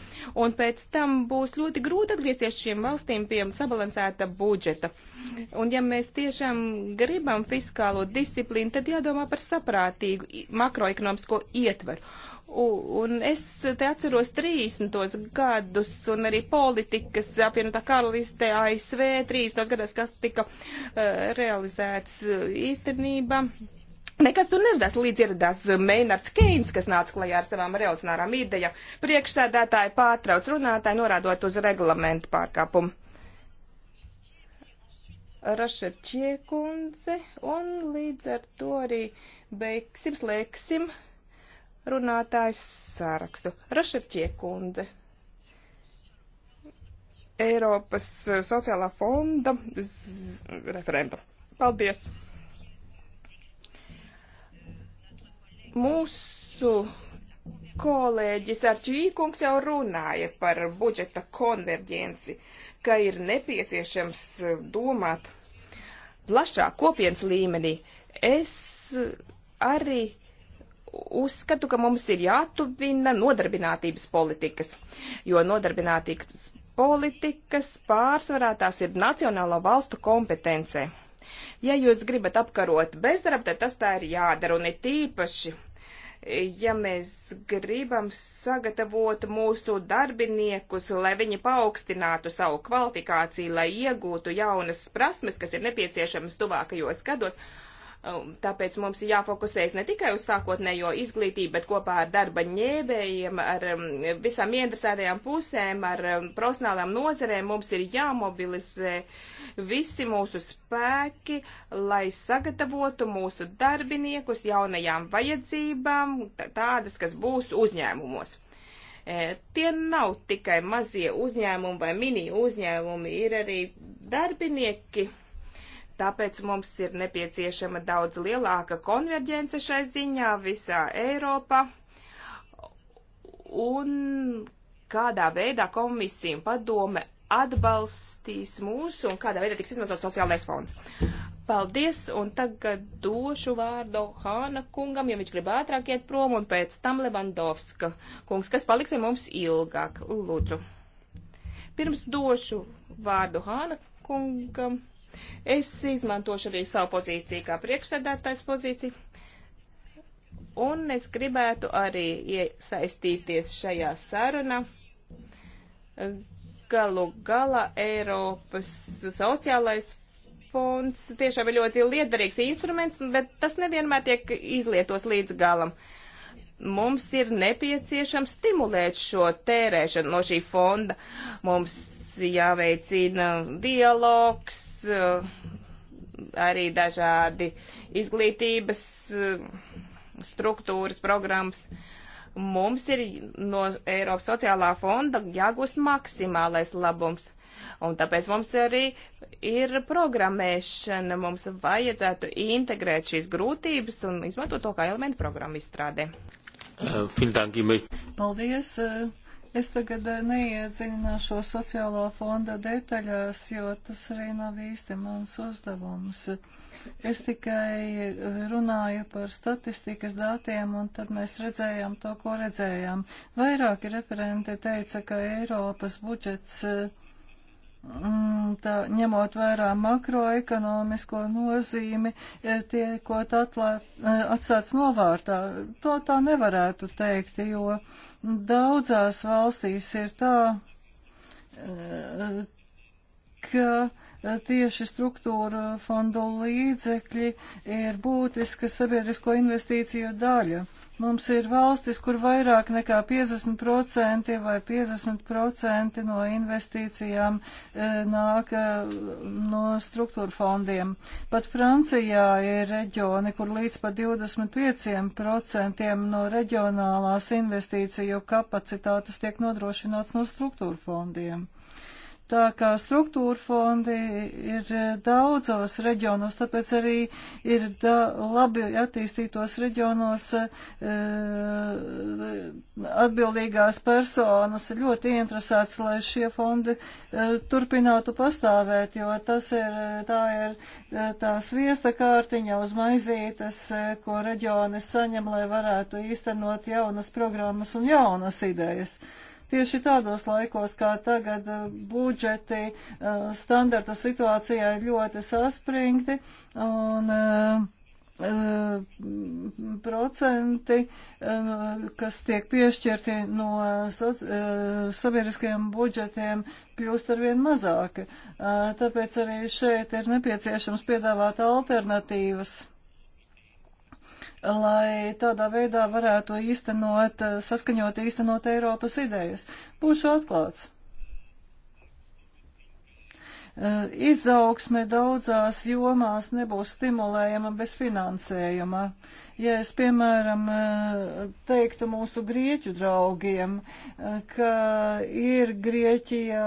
Un pēc tam būs ļoti grūti atgriezties šīm valstīm pie sabalansēta budžeta. Un ja mēs tiešām gribam fiskālo disciplīnu, tad jādomā par saprātīgu makroekonomisko ietvaru. Un es te atceros 30. gadus un arī politikas apvienotā karaliste ASV 30. gados, kas tika uh, realizēts uh, īstenībā. Nekas tur neradās līdz ieradās uh, Meinards Keins, kas nāca klajā ar savām revolucionārām idejām. Priekšsēdētāji pārtrauc runātāji, norādot uz reglamentu pārkāpumu. Rašerķiekundze un līdz ar to arī beigsim, slēgsim runātājs sārakstu. Rašerķie kundze. Eiropas sociālā fonda referenta. Paldies! Mūsu kolēģis Arčīkungs jau runāja par budžeta konverģenci, ka ir nepieciešams domāt plašāk kopienas līmenī. Es arī uzskatu, ka mums ir jātuvina nodarbinātības politikas, jo nodarbinātības politikas pārsvarā tās ir nacionālo valstu kompetencē. Ja jūs gribat apkarot bezdarbu, tad tas tā ir jādara un ir tīpaši. Ja mēs gribam sagatavot mūsu darbiniekus, lai viņi paaugstinātu savu kvalifikāciju, lai iegūtu jaunas prasmes, kas ir nepieciešamas tuvākajos gados, Um, tāpēc mums ir jāfokusējas ne tikai uz sākotnējo izglītību, bet kopā ar darba ņēbējiem, ar um, visām ieinteresētajām pusēm, ar um, profesionālām nozerēm mums ir jāmobilizē visi mūsu spēki, lai sagatavotu mūsu darbiniekus jaunajām vajadzībām, tādas, kas būs uzņēmumos. E, tie nav tikai mazie uzņēmumi vai mini uzņēmumi, ir arī darbinieki Tāpēc mums ir nepieciešama daudz lielāka konverģence šai ziņā visā Eiropā. Un kādā veidā komisija un padome atbalstīs mūsu un kādā veidā tiks izmantot sociālais fonds. Paldies, un tagad došu vārdu Hāna kungam, jo viņš grib ātrāk iet prom, un pēc tam Levandovska kungs, kas paliks ar mums ilgāk. Lūdzu. Pirms došu vārdu Hāna kungam Es izmantošu arī savu pozīciju kā priekšsēdētājs pozīciju. Un es gribētu arī iesaistīties šajā sarunā. Galu galā Eiropas sociālais fonds tiešām ir ļoti liederīgs instruments, bet tas nevienmēr tiek izlietos līdz galam mums ir nepieciešams stimulēt šo tērēšanu no šī fonda. Mums jāveicina dialogs, eh, arī dažādi izglītības eh, struktūras, programmas. Mums ir no Eiropas sociālā fonda jāgūst maksimālais labums. Un tāpēc mums arī ir programmēšana. Mums vajadzētu integrēt šīs grūtības un izmantot to kā elementu programmu izstrādē. Paldies! Uh, Es tagad eh, neiedziļināšos sociālā fonda detaļās, jo tas arī nav īsti mans uzdevums. Es tikai eh, runāju par statistikas datiem, un tad mēs redzējām to, ko redzējām. Vairāki referenti teica, ka Eiropas budžets uh, Mm, tā, ņemot vērā makroekonomisko nozīmi, tiekot eh, atstāts novārtā. To tā nevarētu teikt, jo daudzās valstīs ir tā, eh, ka eh, tieši struktūra fondu līdzekļi ir būtiska sabiedrisko investīciju daļa. Mums ir valstis, kur vairāk nekā 50% vai 50% no investīcijām e, nāk e, no struktūra fondiem. Pat Francijā ir reģioni, kur līdz pat 25% no reģionālās investīciju kapacitātes tiek nodrošināts no struktūra fondiem tā kā struktūra fondi ir daudzos reģionos, tāpēc arī ir da, labi attīstītos reģionos e, atbildīgās personas ļoti interesētas, lai šie fondi e, turpinātu pastāvēt, jo tas ir, tā ir eh, tā sviesta kārtiņa uz maizītes, ko reģioni saņem, lai varētu īstenot jaunas programmas un jaunas idejas. Uh, Tieši tādos laikos, kā tagad eh, budžeti eh, standarta situācijā ir ļoti saspringti un eh, procenti, kas tiek piešķirti no sabiedriskajiem budžetiem, kļūst arvien mazāki. Tāpēc arī šeit ir nepieciešams piedāvāt alternatīvas lai tādā veidā varētu īstenot, saskaņot īstenot Eiropas idejas. Būšu atklāts. Eh, izaugsme daudzās jomās nebūs stimulējama bez finansējuma. Ja es, piemēram, eh, teiktu mūsu grieķu draugiem, eh, ka ir Grieķijā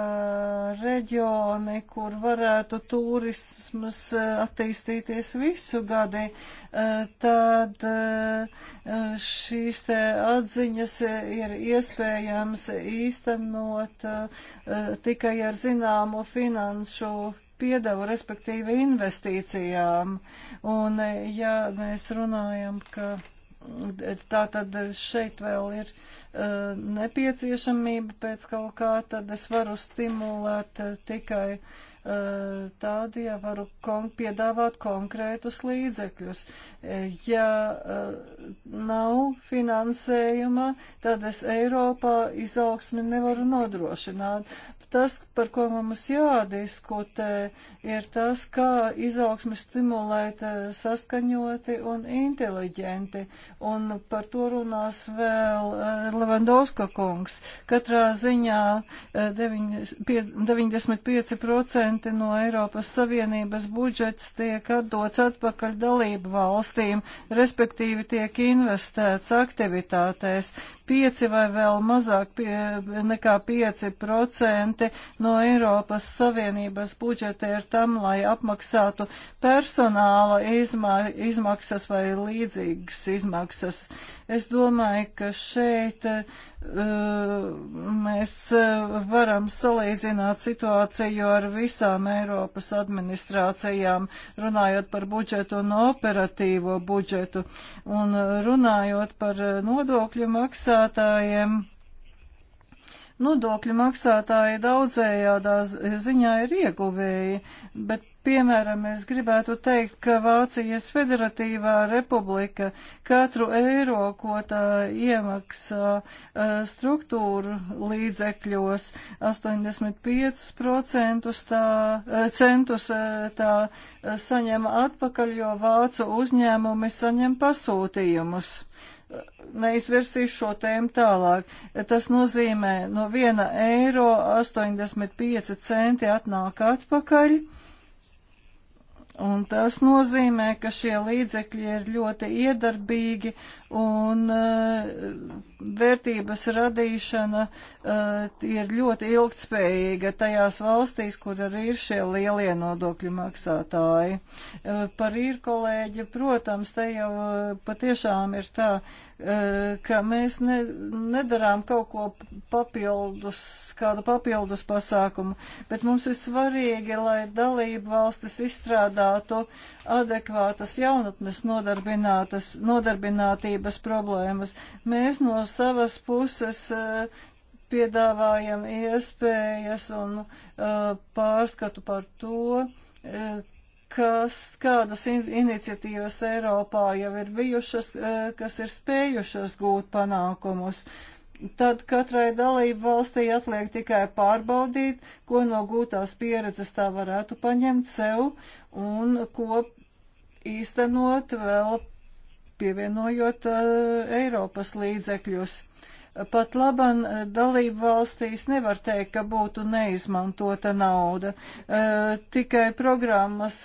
reģioni, kur varētu turismas attīstīties visu gadi, tad šīs te atziņas ir iespējams īstenot tikai ar zināmu finanšu šo piedevu, respektīvi investīcijām. Un, ja mēs runājam, ka tā tad šeit vēl ir uh, nepieciešamība pēc kaut kā, tad es varu stimulēt uh, tikai uh, tādi, ja varu kon piedāvāt konkrētus līdzekļus. Ja uh, nav finansējuma, tad es Eiropā izaugsmi nevaru nodrošināt. Tas, par ko mums jādiskutē, ir tas, kā izaugsmi stimulēt eh, saskaņoti un inteliģenti. Un par to runās vēl eh, Levandovska kungs. Katrā ziņā 95% eh, no Eiropas Savienības budžets tiek atdots atpakaļ dalību valstīm, respektīvi tiek investēts aktivitātēs. 5 vai vēl mazāk pie, nekā 5% no Eiropas Savienības budžeta ir tam, lai apmaksātu personāla izma, izmaksas vai līdzīgas izmaksas. Uh, Es domāju, ka šeit uh, mēs eh, varam salīdzināt situāciju ar visām Eiropas administrācijām, runājot par budžetu un operatīvo budžetu, un eh, runājot par nodokļu maksātājiem. Nodokļu maksātāji daudzējādā ziņā ir ieguvēji, bet, piemēram, es gribētu teikt, ka Vācijas Federatīvā republika katru eiro, ko tā iemaksā struktūru līdzekļos, 85% tā, centus tā saņem atpakaļ, jo vācu uzņēmumi saņem pasūtījumus neizvirsīs šo tēmu tālāk. Tas nozīmē, no 1 eiro 85 centi atnāk atpakaļ. Un tas nozīmē, ka šie līdzekļi ir ļoti iedarbīgi un eh, vērtības radīšana eh, ir ļoti ilgtspējīga tajās valstīs, kur arī ir šie lielie nodokļu maksātāji. Eh, par īru kolēģi, protams, te jau patiešām ir tā, ka mēs ne, nedarām kaut ko papildus, kādu papildus pasākumu, bet mums ir svarīgi, lai dalību valstis izstrādātu uh, adekvātas jaunatnes nodarbinātības problēmas. Mēs no savas puses eh, piedāvājam iespējas un eh, pārskatu par to, eh, kas, kādas in iniciatīvas Eiropā jau ir bijušas, kas ir spējušas gūt panākumus. Tad katrai dalību valstī atliek tikai pārbaudīt, ko no gūtās pieredzes tā varētu paņemt sev un ko īstenot vēl pievienojot eh, Eiropas līdzekļus. Pat laban eh, dalību valstīs nevar teikt, ka būtu neizmantota nauda. Eh, tikai programmas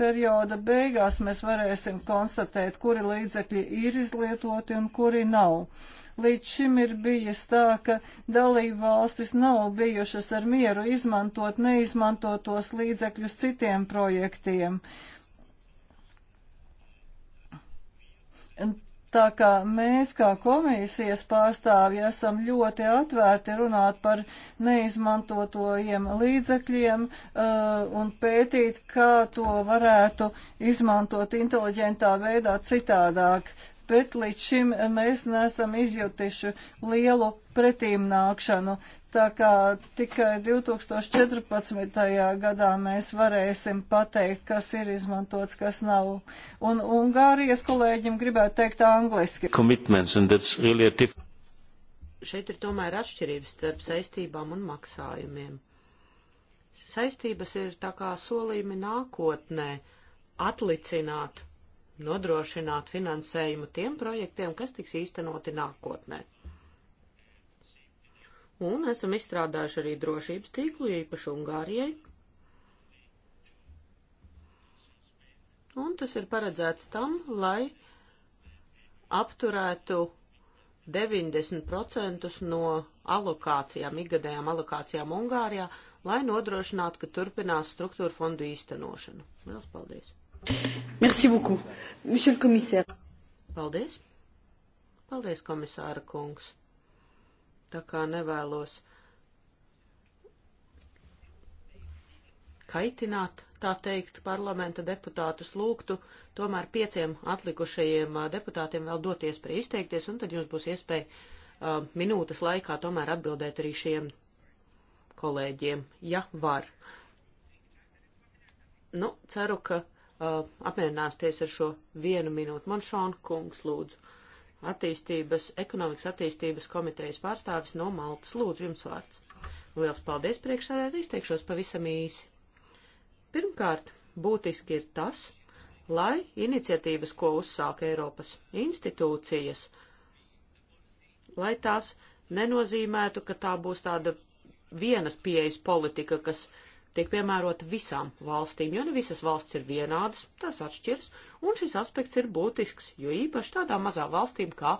perioda beigās mēs varēsim konstatēt, kuri līdzekļi ir izlietoti un kuri nav. Līdz šim ir bijis tā, ka dalību valstis nav bijušas ar mieru izmantot neizmantotos līdzekļus citiem projektiem. Uh, Tā kā mēs, kā komisijas pārstāvji, esam ļoti atvērti runāt par neizmantotojiem līdzekļiem uh, un pētīt, kā to varētu izmantot inteliģentā veidā citādāk bet līdz šim mēs nesam izjutuši lielu pretīmnākšanu. Tā kā tikai 2014. gadā mēs varēsim pateikt, kas ir izmantots, kas nav. Un Ungārijas kolēģim gribētu teikt angliski. Really Šeit ir tomēr atšķirības starp saistībām un maksājumiem. Saistības ir tā kā solījumi nākotnē atlicināt nodrošināt finansējumu tiem projektiem, kas tiks īstenoti nākotnē. Un esam izstrādājuši arī drošības tīklu īpaši Ungārijai. Un tas ir paredzēts tam, lai apturētu 90% no alokācijām, ikgadējām alokācijām Ungārijā, lai nodrošinātu, ka turpinās struktūra fondu īstenošanu. Lielas paldies! Merci beaucoup. Monsieur le commissaire. Paldies. Paldies, komisāra kungs. Tā kā nevēlos kaitināt, tā teikt, parlamenta deputātus lūgtu tomēr pieciem atlikušajiem deputātiem vēl dot iespēju izteikties, un tad jums būs iespēja uh, minūtes laikā tomēr atbildēt arī šiem kolēģiem, ja var. Nu, ceru, ka uh, apmierināsties ar šo vienu minūtu. Monšona kungs lūdzu, attīstības, ekonomikas attīstības komitejas pārstāvis no Maltas. Lūdzu, jums vārds. Liels paldies priekšsēdēt, izteikšos pavisam īsi. Pirmkārt, būtiski ir tas, lai iniciatīvas, ko uzsāka Eiropas institūcijas, lai tās nenozīmētu, ka tā būs tāda vienas pieejas politika, kas uh, tiek piemērota visām valstīm, jo ne visas valsts ir vienādas, tās atšķiras, un šis aspekts ir būtisks, jo īpaši tādā mazā valstīm kā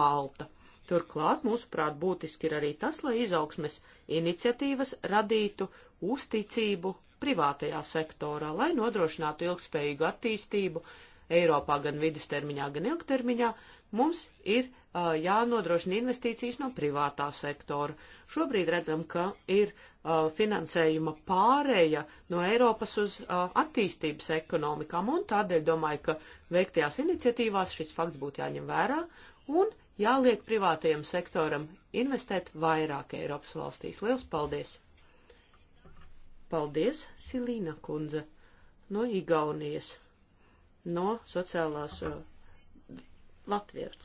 Malta. Turklāt, mūsuprāt, būtiski ir arī tas, lai izaugsmes iniciatīvas radītu uzticību privātajā sektorā, lai nodrošinātu ilgspējīgu attīstību, Eiropā gan vidustermiņā, gan ilgtermiņā, mums ir uh, jānodrošina investīcijas no privātā sektora. Šobrīd redzam, ka ir uh, finansējuma pārēja no Eiropas uz uh, attīstības ekonomikām, un tādēļ domāju, ka veiktajās iniciatīvās šis fakts būtu jāņem vērā un jāliek privātajam sektoram investēt vairāk Eiropas valstīs. Liels paldies! Paldies, Silīna kundze no Igaunijas! no sociālās uh, Latvijas.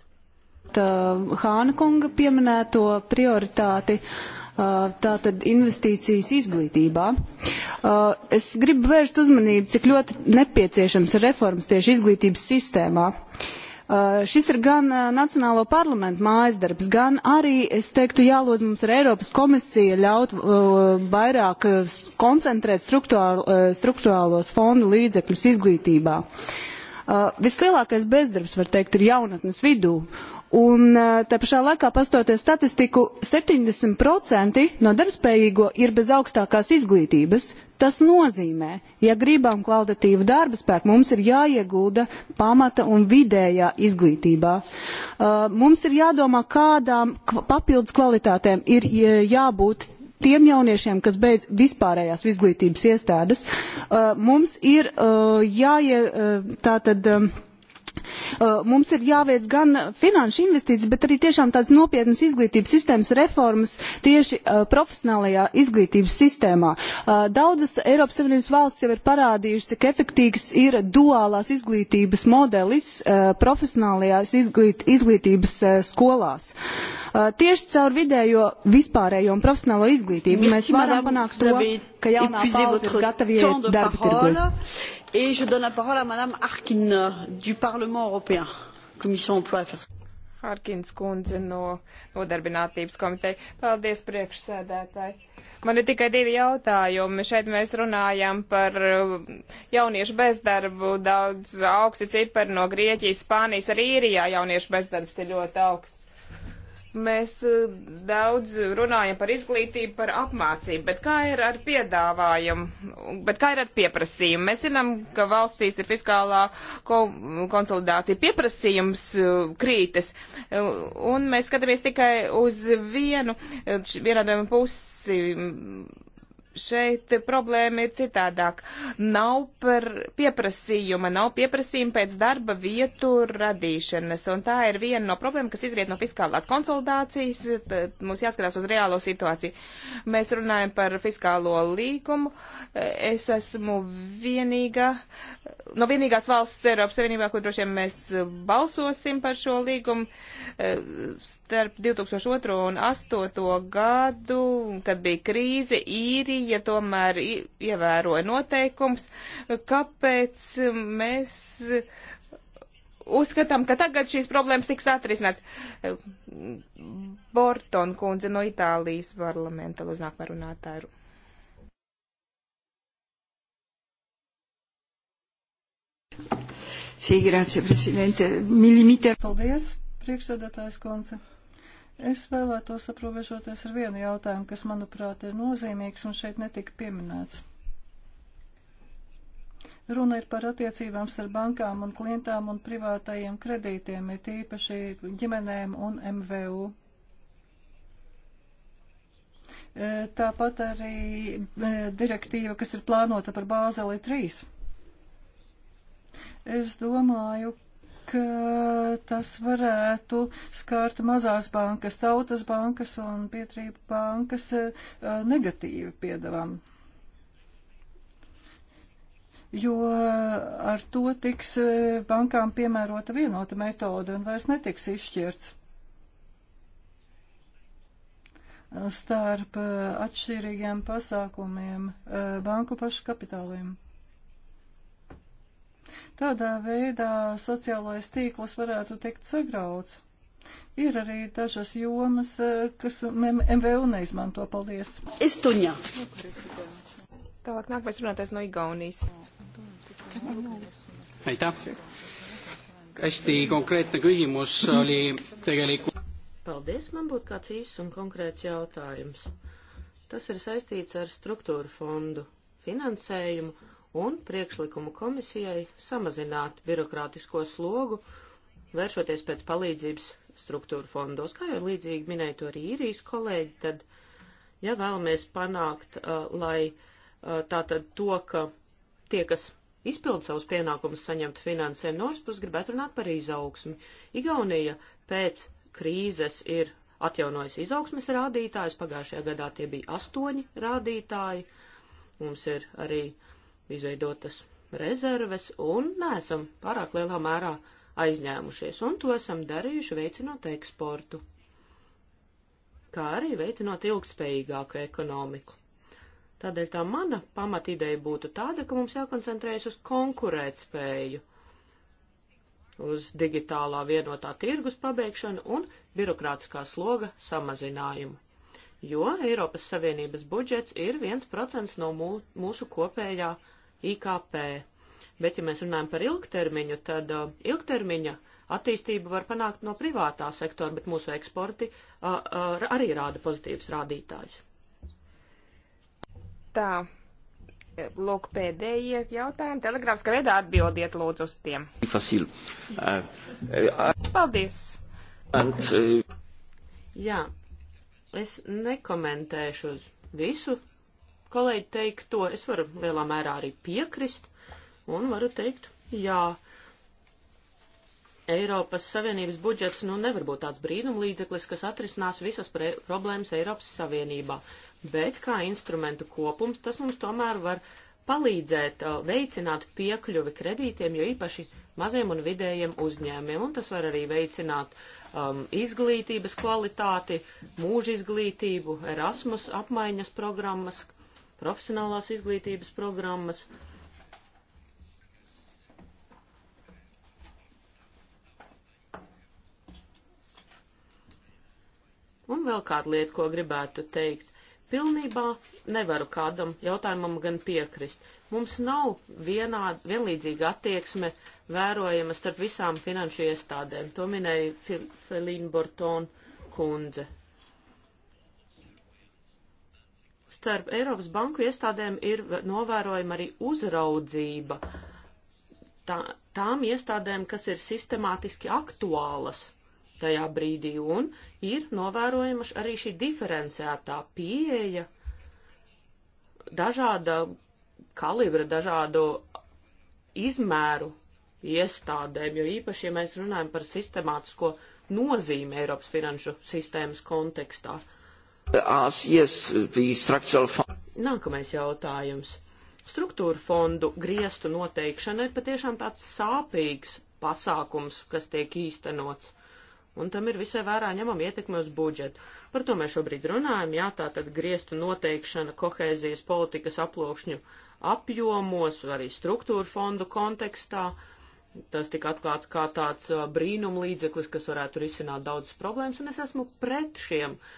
Um, Hāna kunga pieminēto prioritāti, uh, tātad investīcijas izglītībā. Uh, es gribu vērst uzmanību, cik ļoti nepieciešams ir reformas tieši izglītības sistēmā. Uh, Eh, šis ir gan eh, Nacionālo parlamentu mājas darbs, gan arī, es teiktu, jālūdz mums ar Eiropas komisiju ļaut eh, vairāk koncentrēt struktūrālos fondu līdzekļus izglītībā. Vislielākais bezdarbs, var teikt, ir jaunatnes vidū. Un tā pašā laikā, pastoties statistiku, 70% no darbspējīgo ir bez augstākās izglītības. Tas nozīmē, ja gribam kvalitatīvu darba spēku, mums ir jāiegulda pamata un vidējā izglītībā. Uh, mums ir jādomā, kādām papildus kvalitātēm ir jābūt tiem jauniešiem, kas beidz vispārējās izglītības iestādes. Uh, mums ir uh, jāie tātad Uh, mums ir jāveic gan finanšu investīcijas, bet arī tiešām tādas nopietnas izglītības sistēmas reformas tieši uh, profesionālajā izglītības sistēmā. Uh, daudzas Eiropas Savienības valsts jau ir parādījušas, cik efektīgs ir duālās izglītības modelis profesionālajās izglīt, izglītības skolās. Tieši caur vidējo vispārējo un profesionālo izglītību Merci, mēs varam madame, panākt to, ka jaunā paudze ir gatavie darba tirgu et je donne la parole à Madame Harkin du Parlement européen, Commission emploi et affaires. Harkins kundze no Nodarbinātības komiteja. Paldies, priekšsēdētāji. Man ir tikai divi jautājumi. Šeit mēs runājam par uh, jauniešu bezdarbu. Daudz augsti cipari no Grieķijas, Spānijas, arī īrijā jauniešu bezdarbs ir ļoti augsts. Mēs e, daudz runājam par izglītību, par apmācību, bet kā ir ar piedāvājumu, bet kā ir ar pieprasījumu? Mēs zinām, ka valstīs ir fiskālā ko konsolidācija, pieprasījums e, krītas, e, un mēs skatāmies tikai uz vienu, vienādojumu pusi šeit problēma ir citādāk. Nav par pieprasījuma, nav pieprasījuma pēc darba vietu radīšanas, un tā ir viena no problēma, kas izriet no fiskālās konsolidācijas. Tad mums jāskatās uz reālo situāciju. Mēs runājam par fiskālo līgumu. Es esmu vienīgā, no vienīgās valsts Eiropas Savienībā, kur droši vien mēs balsosim par šo līgumu starp 2002 un 2008 gadu, kad bija krīze īrija Grieķija tomēr ievēroja noteikums, kāpēc mēs uzskatām, ka tagad šīs problēmas tiks atrisināts. Borton kundze no Itālijas parlamenta uz nākamā runātāju. Sī, grazie, prezidente. Milimite. Paldies, priekšsēdētājs konce. Es vēlētos aprobežoties ar vienu jautājumu, kas, manuprāt, ir nozīmīgs un šeit netika pieminēts. Runa ir par attiecībām starp bankām un klientām un privātajiem kredītiem, ir tīpaši ģimenēm un MVU. E, tāpat arī e, direktīva, kas ir plānota par Bāzeli 3. Es domāju, ka eh, tas varētu skārt mazās bankas, tautas bankas un pietrību bankas eh, eh, negatīvi piedavām. Jo ar to tiks bankām piemērota vienota metode un vairs netiks izšķirts starp atšķirīgiem pasākumiem banku pašu kapitāliem. Tādā veidā sociālais tīkls varētu tikt sagrauts. Ir arī dažas jomas, eh, kas MVU neizmanto. Paldies! Estuņā! Tālāk nākamais runātais no Igaunijas. Aitäh! Hästi konkreetne küsimus oli tegelikult. Paldies, man būtu kāds īsts un konkrēts jautājums. Tas ir saistīts ar struktūra fondu finansējumu un priekšlikumu komisijai samazināt birokrātisko slogu, vēršoties pēc palīdzības struktūra fondos. Kā jau līdzīgi minēja to arī īrijas kolēģi, tad, ja vēlamies panākt, uh, lai uh, tātad to, ka tie, kas izpild savus pienākumus saņemt finansējumu, no otras puses gribētu runāt par izaugsmi. Igaunija pēc krīzes ir atjaunojas izaugsmes rādītājs, pagājušajā gadā tie bija astoņi rādītāji, mums ir arī uh, izveidotas rezerves un neesam pārāk lielā mērā aizņēmušies, un to esam darījuši veicinot eksportu, kā arī veicinot ilgspējīgāku ekonomiku. Tādēļ tā mana pamatīdeja būtu tāda, ka mums jākoncentrējas uz konkurētspēju, uz digitālā vienotā tirgus pabeigšanu un birokrātiskā sloga samazinājumu. Jo Eiropas Savienības budžets ir 1% no mūsu kopējā budžeta IKP. Bet, ja mēs runājam par ilgtermiņu, tad uh, ilgtermiņa attīstību var panākt no privātā sektora, bet mūsu eksporti uh, uh, arī rāda pozitīvs rādītājs. Tā, lūk, pēdējie jautājumi. Telegrāfiskā veidā atbildiet lūdzu uz tiem. Fasil. Paldies. And, uh... Eh, Jā, es nekomentēšu visu kolēģi teikto, es varu lielā mērā arī piekrist un varu teikt, jā, Eiropas Savienības budžets nu nevar būt tāds brīnumlīdzeklis, kas atrisinās visas problēmas Eiropas Savienībā, bet kā instrumentu kopums tas mums tomēr var palīdzēt uh, veicināt piekļuvi kredītiem, jo īpaši maziem un vidējiem uzņēmiem, un tas var arī veicināt um, izglītības kvalitāti, mūža izglītību, Erasmus apmaiņas programmas, profesionālās izglītības programmas. Un vēl kāda lieta, ko gribētu teikt. Pilnībā nevaru kādam jautājumam gan piekrist. Mums nav vienāda, vienlīdzīga attieksme vērojama starp visām finanšu iestādēm. To minēja Felīna Bortona kundze. starp Eiropas banku iestādēm ir novērojama arī uzraudzība tā, tām iestādēm, kas ir sistemātiski aktuālas tajā brīdī, un ir novērojama arī šī diferenciētā pieeja, dažāda kalibra, dažādu izmēru iestādēm, jo īpaši, ja mēs runājam par sistemātisko nozīmi Eiropas finanšu sistēmas kontekstā. Uh, As, yes, eh, Nākamais jautājums. Struktūra fondu griestu noteikšana ir patiešām tāds sāpīgs pasākums, kas tiek īstenots. Un tam ir visai vērā ņemama ietekme uz budžetu. Par to mēs šobrīd runājam. Jā, tā tad griestu noteikšana kohēzijas politikas aplokšņu apjomos, arī struktūra fondu kontekstā. Tas tika atklāts kā tāds uh, brīnum līdzeklis, kas varētu risināt daudzas problēmas, un es esmu pret šiem uh,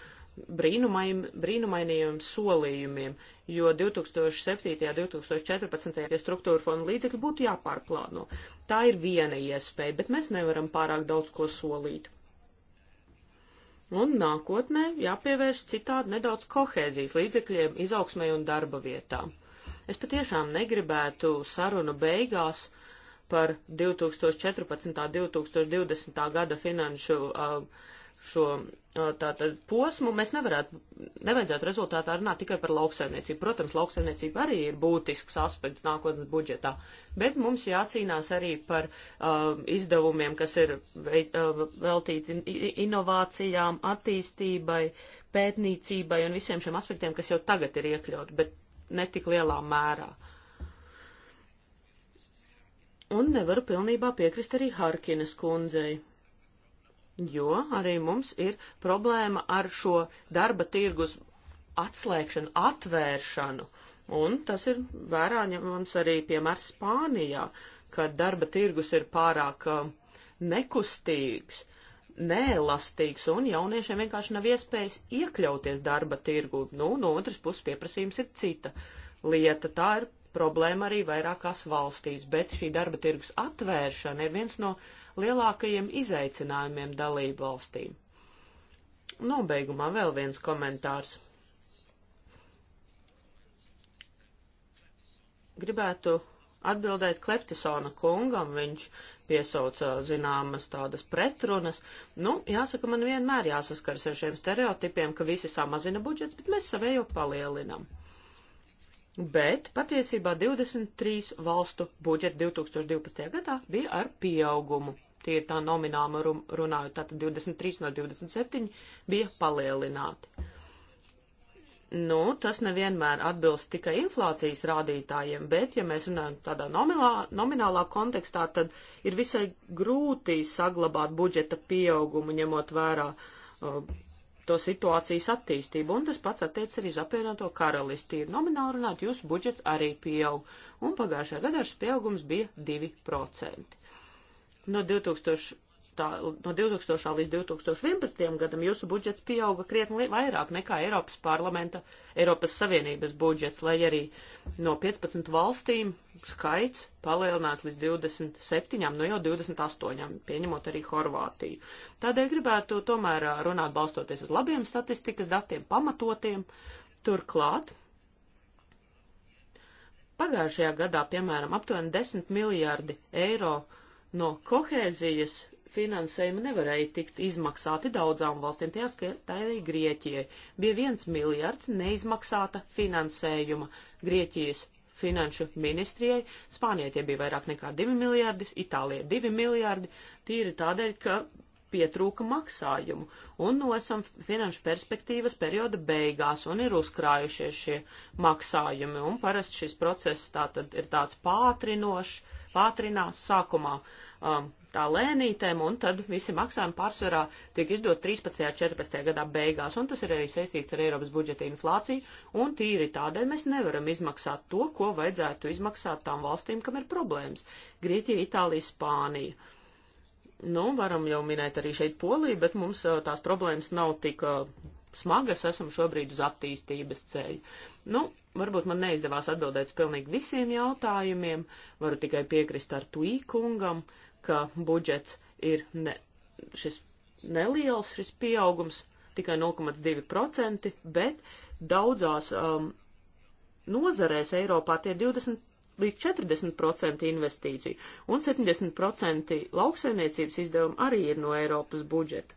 brīnumain, brīnumainajiem solījumiem, jo 2007. un 2014. tie struktūra fonda līdzekļi būtu jāpārplāno. Tā ir viena iespēja, bet mēs nevaram pārāk daudz ko solīt. Un nākotnē jāpievērš citādi nedaudz kohēzijas līdzekļiem, izaugsmai un darba vietām. Es patiešām negribētu sarunu beigās par 2014. un 2020. gada finanšu uh, šo tātad posmu, mēs nevarētu, nevajadzētu rezultātā runāt tikai par lauksaimniecību. Protams, lauksaimniecība arī ir būtisks aspekts nākotnes budžetā, bet mums jācīnās arī par uh, izdevumiem, kas ir vei, uh, veltīti inovācijām, attīstībai, pētniecībai un visiem šiem aspektiem, kas jau tagad ir iekļauti, bet netik lielā mērā. Un nevaru pilnībā piekrist arī Harkinas kundzei jo arī mums ir problēma ar šo darba tirgus atslēgšanu, atvēršanu. Un tas ir vērā ņemams arī piemērs Spānijā, kad darba tirgus ir pārāk uh, nekustīgs, neelastīgs, un jauniešiem vienkārši nav iespējas iekļauties darba tirgu. Nu, no otras puses pieprasījums ir cita lieta. Tā ir problēma arī vairākās valstīs, bet šī darba tirgus atvēršana ir viens no lielākajiem izaicinājumiem dalību valstīm. Nobeigumā vēl viens komentārs. Gribētu atbildēt Kleptisona kungam, viņš piesauca zināmas tādas pretrunas. Nu, jāsaka, man vienmēr jāsaskars ar šiem stereotipiem, ka visi samazina budžets, bet mēs savējo palielinam bet patiesībā 23 valstu budžeti 2012. gadā bija ar pieaugumu. Tie ir tā nomināma runājot, tātad 23 no 27 bija palielināti. Nu, tas nevienmēr atbilst tikai inflācijas rādītājiem, bet, ja mēs runājam tādā nominālā, nominālā kontekstā, tad ir visai grūti saglabāt budžeta pieaugumu, ņemot vērā uh, to situācijas attīstību, un tas pats attiec arī uz apvienoto karalisti. Nomināli runāt, jūsu budžets arī pieaug, un pagājušajā gadā šis pieaugums bija 2%. No 2000 tā, no 2000. līdz 2011. gadam jūsu budžets pieauga krietni vairāk nekā Eiropas parlamenta, Eiropas Savienības budžets, lai arī no 15 valstīm skaits palielinās līdz 27, nu jau 28, pieņemot arī Horvātiju. Tādēļ gribētu tomēr runāt balstoties uz labiem statistikas datiem, pamatotiem. Turklāt pagājušajā gadā, piemēram, aptuveni 10 miljārdi eiro no kohēzijas finansējumu nevarēja tikt izmaksāti daudzām valstīm, tajā skaitā arī Grieķijai. Bija viens miljards neizmaksāta finansējuma Grieķijas finanšu ministrijai, Spānijai tie bija vairāk nekā 2 miljardi, Itālijai 2 miljardi, tīri tādēļ, ka pietrūka maksājumu, un no esam finanšu perspektīvas perioda beigās, un ir uzkrājušies šie maksājumi, un parasti šis process tātad ir tāds pātrinošs, pātrinās sākumā. Um, tā lēnītēm, un tad visi maksājumi pārsvarā tiek izdot 13. un 14. gadā beigās, un tas ir arī saistīts ar Eiropas budžeta inflāciju, un tīri tādēļ mēs nevaram izmaksāt to, ko vajadzētu izmaksāt tām valstīm, kam ir problēmas - Grieķija, Itālija, Spānija. Nu, varam jau minēt arī šeit Poliju, bet mums tās problēmas nav tik smagas esam šobrīd uz attīstības ceļa. Nu, varbūt man neizdevās atbildēt uz pilnīgi visiem jautājumiem, varu tikai piekrist ar tuīkungam. Uh, ka budžets ir ne, šis neliels, šis pieaugums, tikai 0,2%, bet daudzās um, nozarēs Eiropā tie 20 līdz 40% investīciju, un 70% lauksaimniecības izdevumi arī ir no Eiropas budžeta.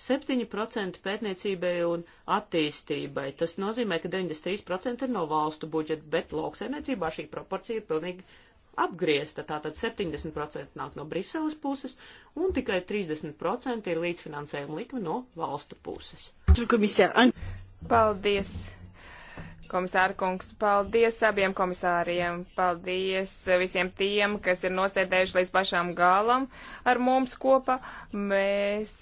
7% pētniecībai un attīstībai. Tas nozīmē, ka 93% ir no valstu budžeta, bet lauksaimniecībā šī proporcija ir pilnīgi apgriezta, tātad 70% nāk no Briseles puses un tikai 30% ir līdzfinansējuma likme no valstu puses. Paldies! Komisāra kungs, paldies abiem komisāriem, paldies visiem tiem, kas ir nosēdējuši līdz pašām galam ar mums kopā. Mēs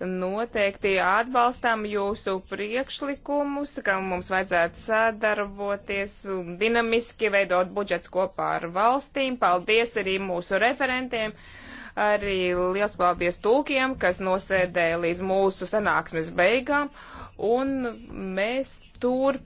noteikti atbalstām jūsu priekšlikumus, ka mums vajadzētu sadarboties, dinamiski veidot budžets kopā ar valstīm. Paldies arī mūsu referentiem. Arī liels paldies tulkiem, kas nosēdēja līdz mūsu sanāksmes beigām. Un mēs turpinām